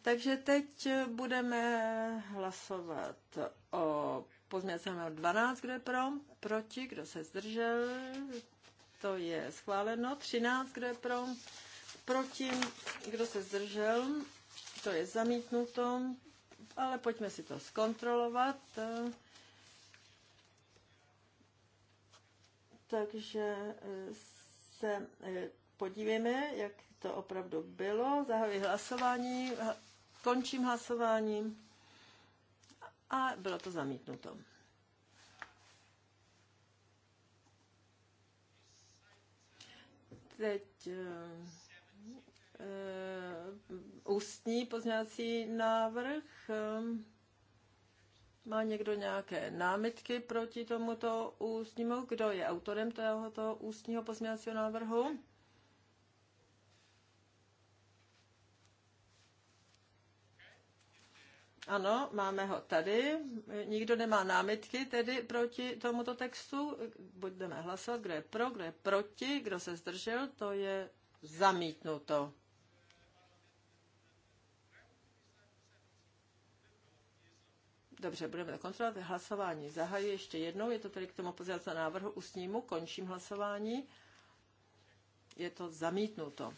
takže teď budeme hlasovat o pozměnce 12, kdo je pro, proti, kdo se zdržel, to je schváleno, 13, kdo je pro, proti, kdo se zdržel, to je zamítnuto, ale pojďme si to zkontrolovat. Takže eh, se eh, podívejme, jak to opravdu bylo. Zahajuji hlasování, končím hlasování a bylo to zamítnuto. Teď eh, Eh, ústní pozměňovací návrh. Eh, má někdo nějaké námitky proti tomuto ústnímu? Kdo je autorem tohoto ústního pozměňovacího návrhu? Ano, máme ho tady. Nikdo nemá námitky tedy proti tomuto textu. Budeme hlasovat, kdo je pro, kdo je proti, kdo se zdržel, to je zamítnuto. Dobře, budeme kontrolovat. Hlasování zahajuji ještě jednou. Je to tedy k tomu pozdělce návrhu ústnímu. Končím hlasování. Je to zamítnuto.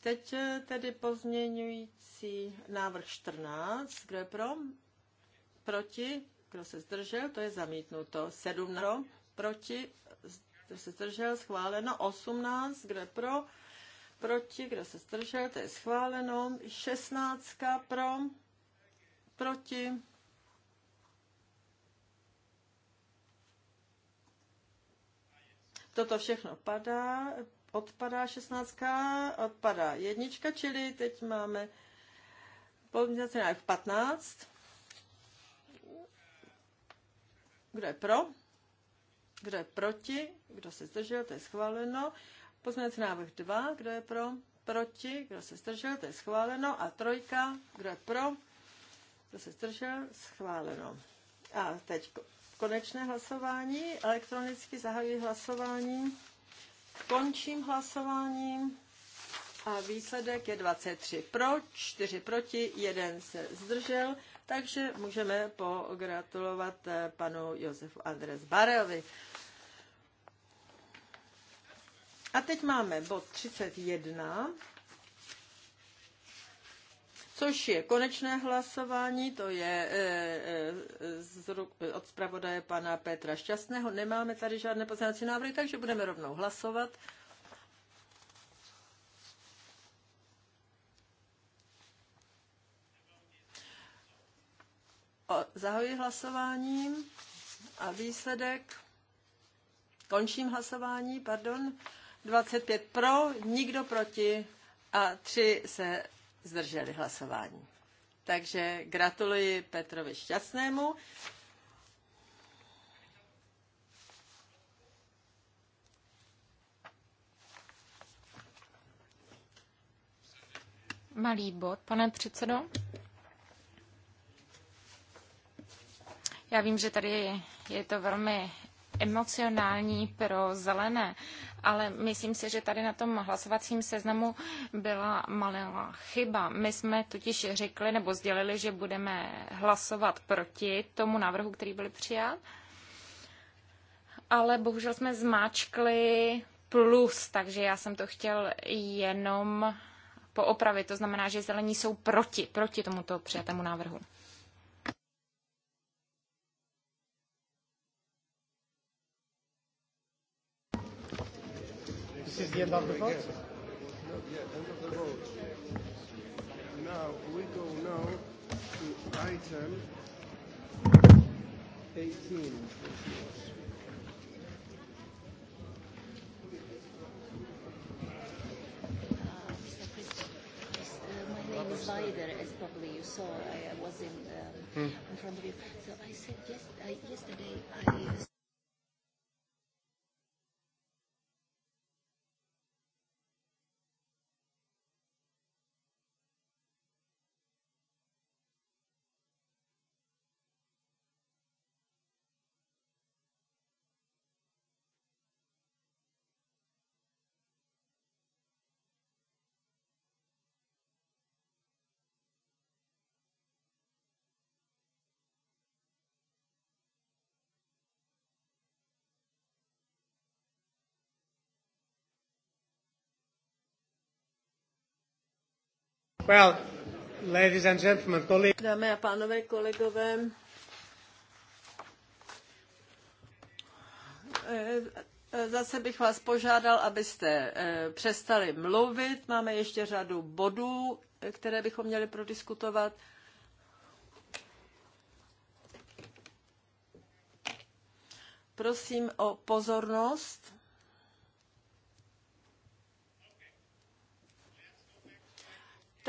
Teď eh, tedy pozměňující návrh 14. Kdo je pro? Proti? Kdo se zdržel? To je zamítnuto. 7 Proti? Kdo se zdržel? Schváleno. 18. Kdo je pro? proti, kdo se zdržel, to je schváleno. 16 pro, proti. Toto všechno padá, odpadá šestnáctka, odpadá jednička, čili teď máme pozměňovací návrh 15. Kdo je pro? Kdo je proti? Kdo se zdržel? To je schváleno. Poznací návrh 2, kdo je pro? Proti, kdo se zdržel, to je schváleno. A trojka, kdo je pro? Kdo se zdržel, schváleno. A teď konečné hlasování. Elektronicky zahajuji hlasování. Končím hlasováním. A výsledek je 23 pro, 4 proti, 1 se zdržel, takže můžeme pogratulovat eh, panu Josefu Andres Bareovi. A teď máme bod 31, což je konečné hlasování, to je eh, eh, od zpravodaje pana Petra Šťastného. Nemáme tady žádné poznávací návrhy, takže budeme rovnou hlasovat. Zahajuji hlasováním a výsledek. Končím hlasování, pardon. 25 pro, nikdo proti a tři se zdrželi hlasování. Takže gratuluji Petrovi Šťastnému. Malý bod, pane předsedo. Já vím, že tady je to velmi emocionální pro zelené, ale myslím si, že tady na tom hlasovacím seznamu byla malá chyba. My jsme totiž řekli nebo sdělili, že budeme hlasovat proti tomu návrhu, který byl přijat, ale bohužel jsme zmáčkli plus, takže já jsem to chtěl jenom poopravit. To znamená, že zelení jsou proti, proti tomuto přijatému návrhu. is the end of the vote? Yeah, end of the vote. Now, we go now to item 18. Uh, saw, I was in, um, hmm. in front of you. So I said yes, I, yesterday I. Dámy a pánové, kolegové, eh, Zase bych vás požádal, abyste eh, přestali mluvit. Máme ještě řadu bodů, které bychom měli prodiskutovat. Prosím o pozornost.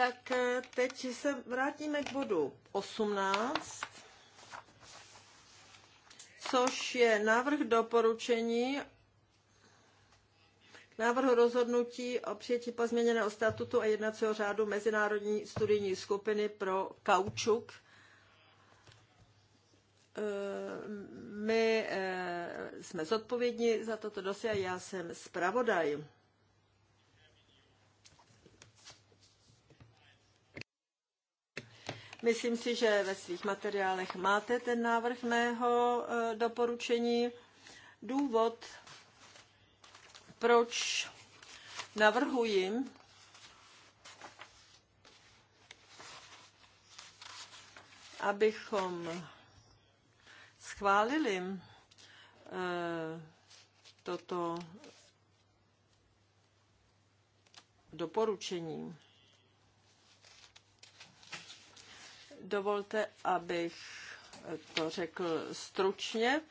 Tak eh, teď se vrátíme k bodu 18, což je návrh doporučení návrhu rozhodnutí o přijetí pozměněného statutu a jednacího řádu Mezinárodní studijní skupiny pro kaučuk. Eh, my eh, jsme zodpovědní za toto dosy a já jsem zpravodaj. Myslím si, že ve svých materiálech máte ten návrh mého e, doporučení. Důvod, proč navrhuji abychom schválili e, toto doporučení. dovolte, abych to řekl stručně.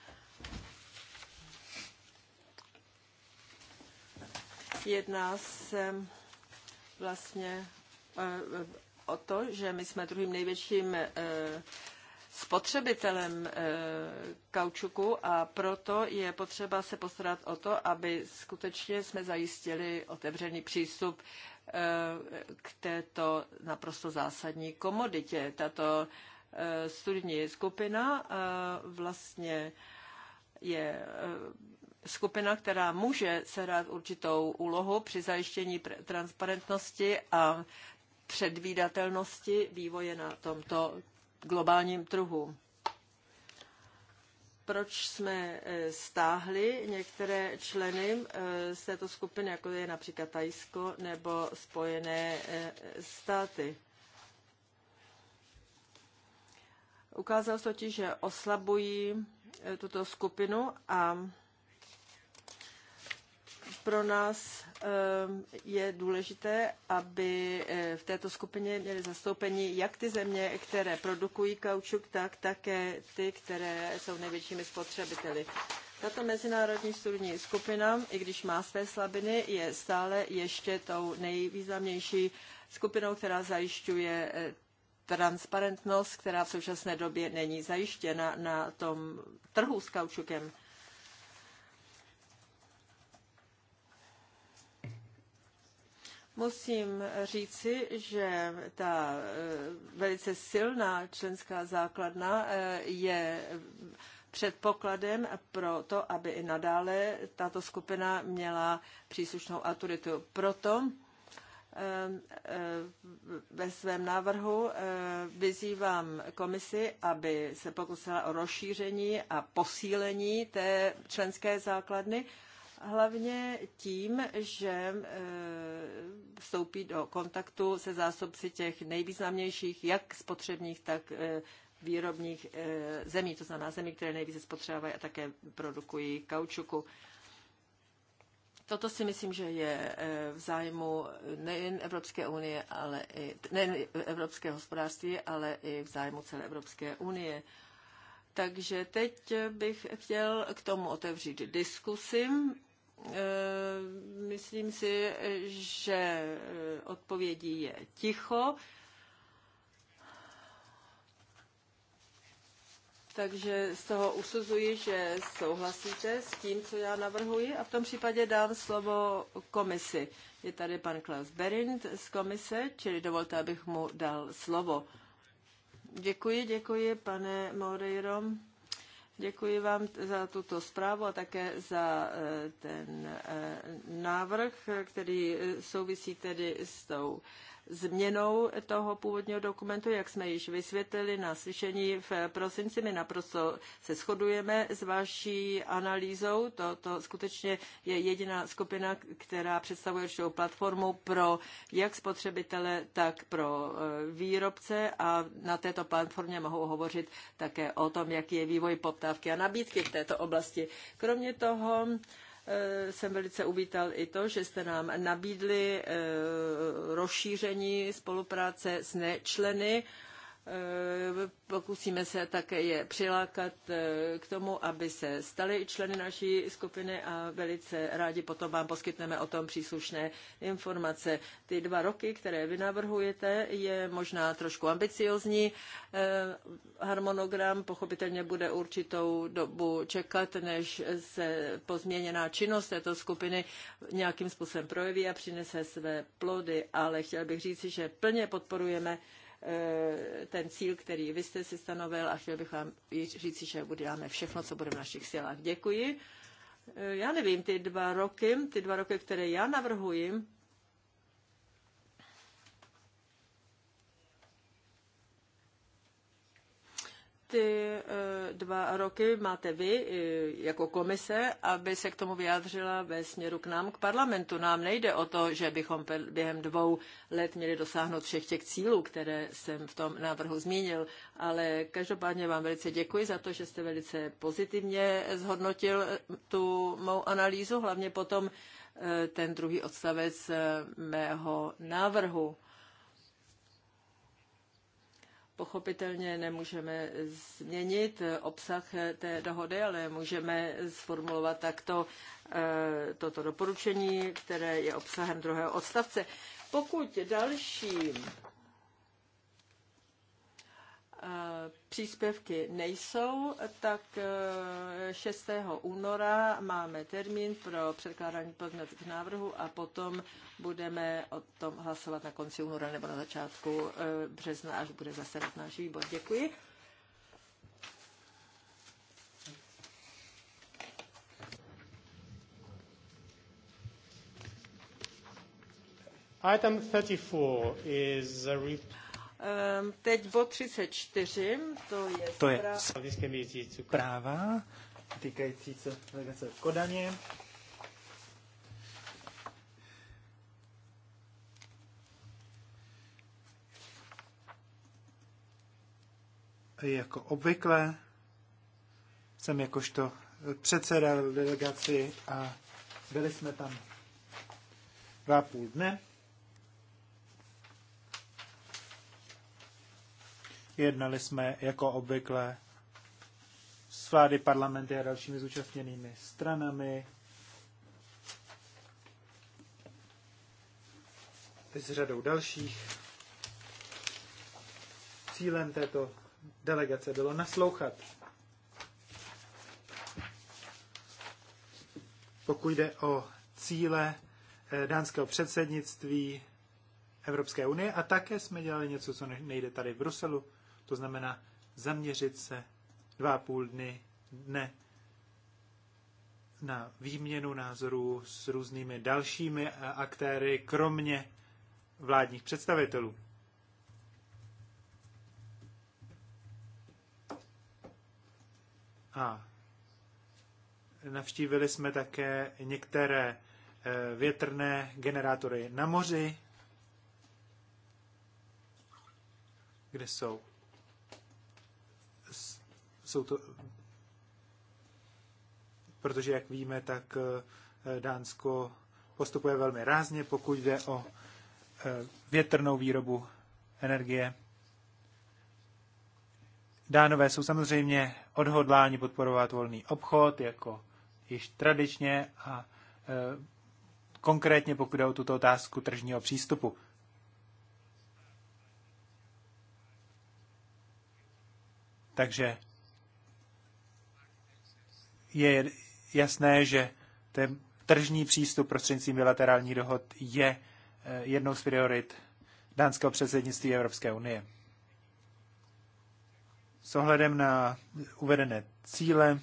Jedná se vlastně eh, o to, že my jsme druhým největším eh, spotřebitelem eh, kaučuku a proto je potřeba se postarat o to, aby skutečně jsme zajistili otevřený přístup k této naprosto zásadní komoditě. Tato eh, studijní skupina eh, vlastně je eh, skupina, která může sehrát určitou úlohu při zajištění transparentnosti a předvídatelnosti vývoje na tomto globálním trhu proč jsme e, stáhli některé členy e, z této skupiny, jako je například Tajsko nebo Spojené e, státy. Ukázalo se totiž, že oslabují tuto skupinu a pro nás Eh, je důležité, aby eh, v této skupině měly zastoupení jak ty země, které produkují kaučuk, tak také ty, které jsou největšími spotřebiteli. Tato mezinárodní studijní skupina, i když má své slabiny, je stále ještě tou nejvýznamnější skupinou, která zajišťuje eh, transparentnost, která v současné době není zajištěna na tom trhu s kaučukem. Musím říci, že ta eh, velice silná členská základna eh, je předpokladem pro to, aby i nadále tato skupina měla příslušnou autoritu. Proto eh, ve svém návrhu vyzývám komisi, aby se pokusila o rozšíření a posílení té členské základny hlavně tím, že e, vstoupí do kontaktu se zásobci těch nejvýznamnějších, jak spotřebních, tak e, výrobních e, zemí, to znamená zemí, které nejvíce spotřebovají a také produkují kaučuku. Toto si myslím, že je v zájmu nejen Evropské unie, ale i, nejen Evropské hospodářství, ale i v zájmu celé Evropské unie. Takže teď bych chtěl k tomu otevřít diskusím. Eh, myslím si, že eh, odpovědí je ticho. Takže z toho usuzuji, že souhlasíte s tím, co já navrhuji a v tom případě dám slovo komisi. Je tady pan Klaus Berind z komise, čili dovolte, abych mu dal slovo. Děkuji, děkuji, pane Moreirom. Děkuji vám za tuto zprávu a také za eh, ten eh, návrh, který eh, souvisí tedy s tou změnou toho původního dokumentu, jak jsme již vysvětlili na slyšení v prosinci. My naprosto se shodujeme s vaší analýzou. To, to skutečně je jediná skupina, která představuje určitou platformu pro jak spotřebitele, tak pro e, výrobce a na této platformě mohou hovořit také o tom, jaký je vývoj poptávky a nabídky v této oblasti. Kromě toho, Eh, jsem velice uvítal i to, že jste nám nabídli eh, rozšíření spolupráce s nečleny Eh, pokusíme se také je přilákat eh, k tomu, aby se stali členy naší skupiny a velice rádi potom vám poskytneme o tom příslušné informace. Ty dva roky, které vy navrhujete, je možná trošku ambiciozní. Eh, harmonogram pochopitelně bude určitou dobu čekat, než se pozměněná činnost této skupiny nějakým způsobem projeví a přinese své plody, ale chtěl bych říci, že plně podporujeme Eh, ten cíl, který vy jste si stanovil a chtěl bych vám říci, že uděláme všechno, co bude v našich silách. Děkuji. Eh, já nevím, ty dva roky, ty dva roky, které já navrhuji, ty eh, dva roky máte vy eh, jako komise, aby se k tomu vyjádřila ve směru k nám, k parlamentu. Nám nejde o to, že bychom během dvou let měli dosáhnout všech těch cílů, které jsem v tom návrhu zmínil, ale každopádně vám velice děkuji za to, že jste velice pozitivně zhodnotil eh, tu mou analýzu, hlavně potom ten druhý odstavec mého návrhu. Pochopitelně nemůžeme změnit obsah té dohody, ale můžeme sformulovat takto eh, toto doporučení, které je obsahem druhého odstavce. Pokud další příspěvky nejsou, tak 6. E, února máme termín pro předkládání pozměňovacích návrhů a potom budeme o tom hlasovat na konci února nebo na začátku e, března, až bude zasedat náš výbor. Děkuji. Item 34 is a Ehm, teď bod 34, to je, to je slavické měsíců práva týkající se delegace v Kodaně. Jako obvykle jsem jakožto předseda delegaci a byli jsme tam dva půl dne. Jednali jsme jako obvykle s vlády parlamenty a dalšími zúčastněnými stranami. S řadou dalších. Cílem této delegace bylo naslouchat. Pokud jde o cíle eh, dánského předsednictví Evropské unie a také jsme dělali něco, co nejde tady v Bruselu, to znamená zaměřit se dva a půl dny, dne na výměnu názorů s různými dalšími aktéry, kromě vládních představitelů. A navštívili jsme také některé eh, větrné generátory na moři, kde jsou jsou to, protože jak víme, tak eh, Dánsko postupuje velmi rázně, pokud jde o eh, větrnou výrobu energie. Dánové jsou samozřejmě odhodláni podporovat volný obchod, jako již tradičně a eh, konkrétně pokud jde o tuto otázku tržního přístupu. Takže je jasné, že ten tržní přístup prostřednictvím bilaterální dohod je eh, jednou z priorit dánského předsednictví Evropské unie. S ohledem na uvedené cíle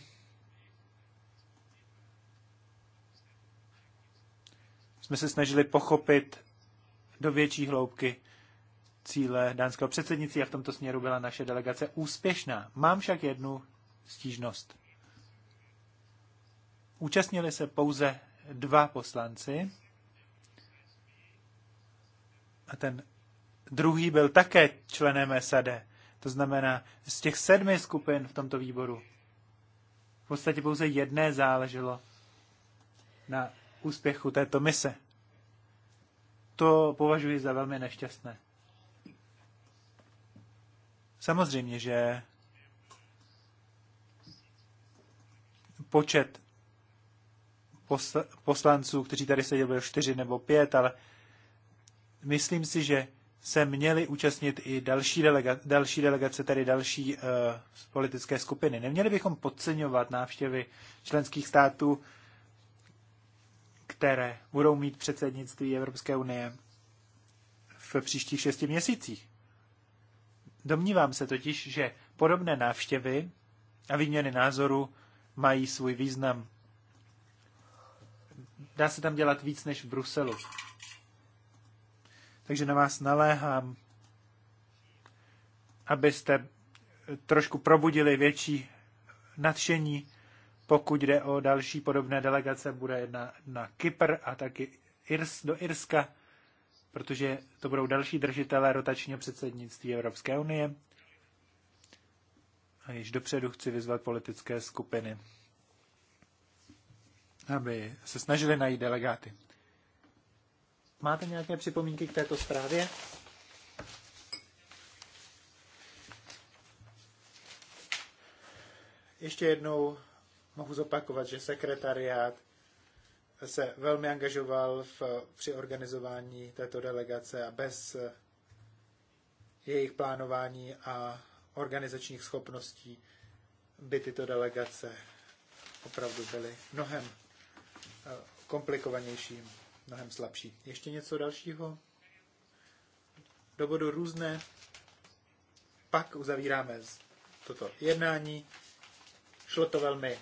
jsme se snažili pochopit do větší hloubky cíle dánského předsednictví a v tomto směru byla naše delegace úspěšná. Mám však jednu stížnost. Účastnili se pouze dva poslanci a ten druhý byl také členem SAD. To znamená, z těch sedmi skupin v tomto výboru v podstatě pouze jedné záleželo na úspěchu této mise. To považuji za velmi nešťastné. Samozřejmě, že počet poslanců, kteří tady seděli, bylo čtyři nebo pět, ale myslím si, že se měli účastnit i další, delega, další delegace, tedy další uh, politické skupiny. Neměli bychom podceňovat návštěvy členských států, které budou mít předsednictví Evropské unie v příštích šesti měsících. Domnívám se totiž, že podobné návštěvy a výměny názoru mají svůj význam. Dá se tam dělat víc než v Bruselu. Takže na vás naléhám, abyste trošku probudili větší nadšení, pokud jde o další podobné delegace, bude jedna na Kypr a taky Irs, do Irska, protože to budou další držitelé rotačního předsednictví Evropské unie. A již dopředu chci vyzvat politické skupiny aby se snažili najít delegáty. Máte nějaké připomínky k této zprávě? Ještě jednou mohu zopakovat, že sekretariát se velmi angažoval v, při organizování této delegace a bez jejich plánování a organizačních schopností by tyto delegace opravdu byly mnohem komplikovanější, mnohem slabší. Ještě něco dalšího? Do bodu různé. Pak uzavíráme toto jednání. Šlo to velmi,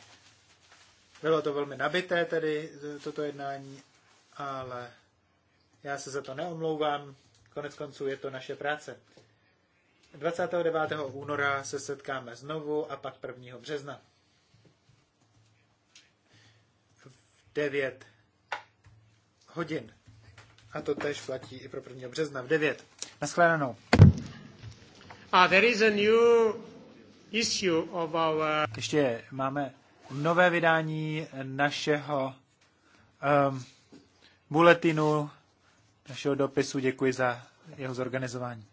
bylo to velmi nabité tedy e, toto jednání, ale já se za to neomlouvám. Konec konců je to naše práce. 29. února se setkáme znovu a pak 1. března. 9 hodin. A to tež platí i pro 1. března v 9. Naschledanou. Ah, there is a new issue of our... Ještě máme nové vydání našeho um, ehm, buletinu, našeho dopisu. Děkuji za jeho zorganizování.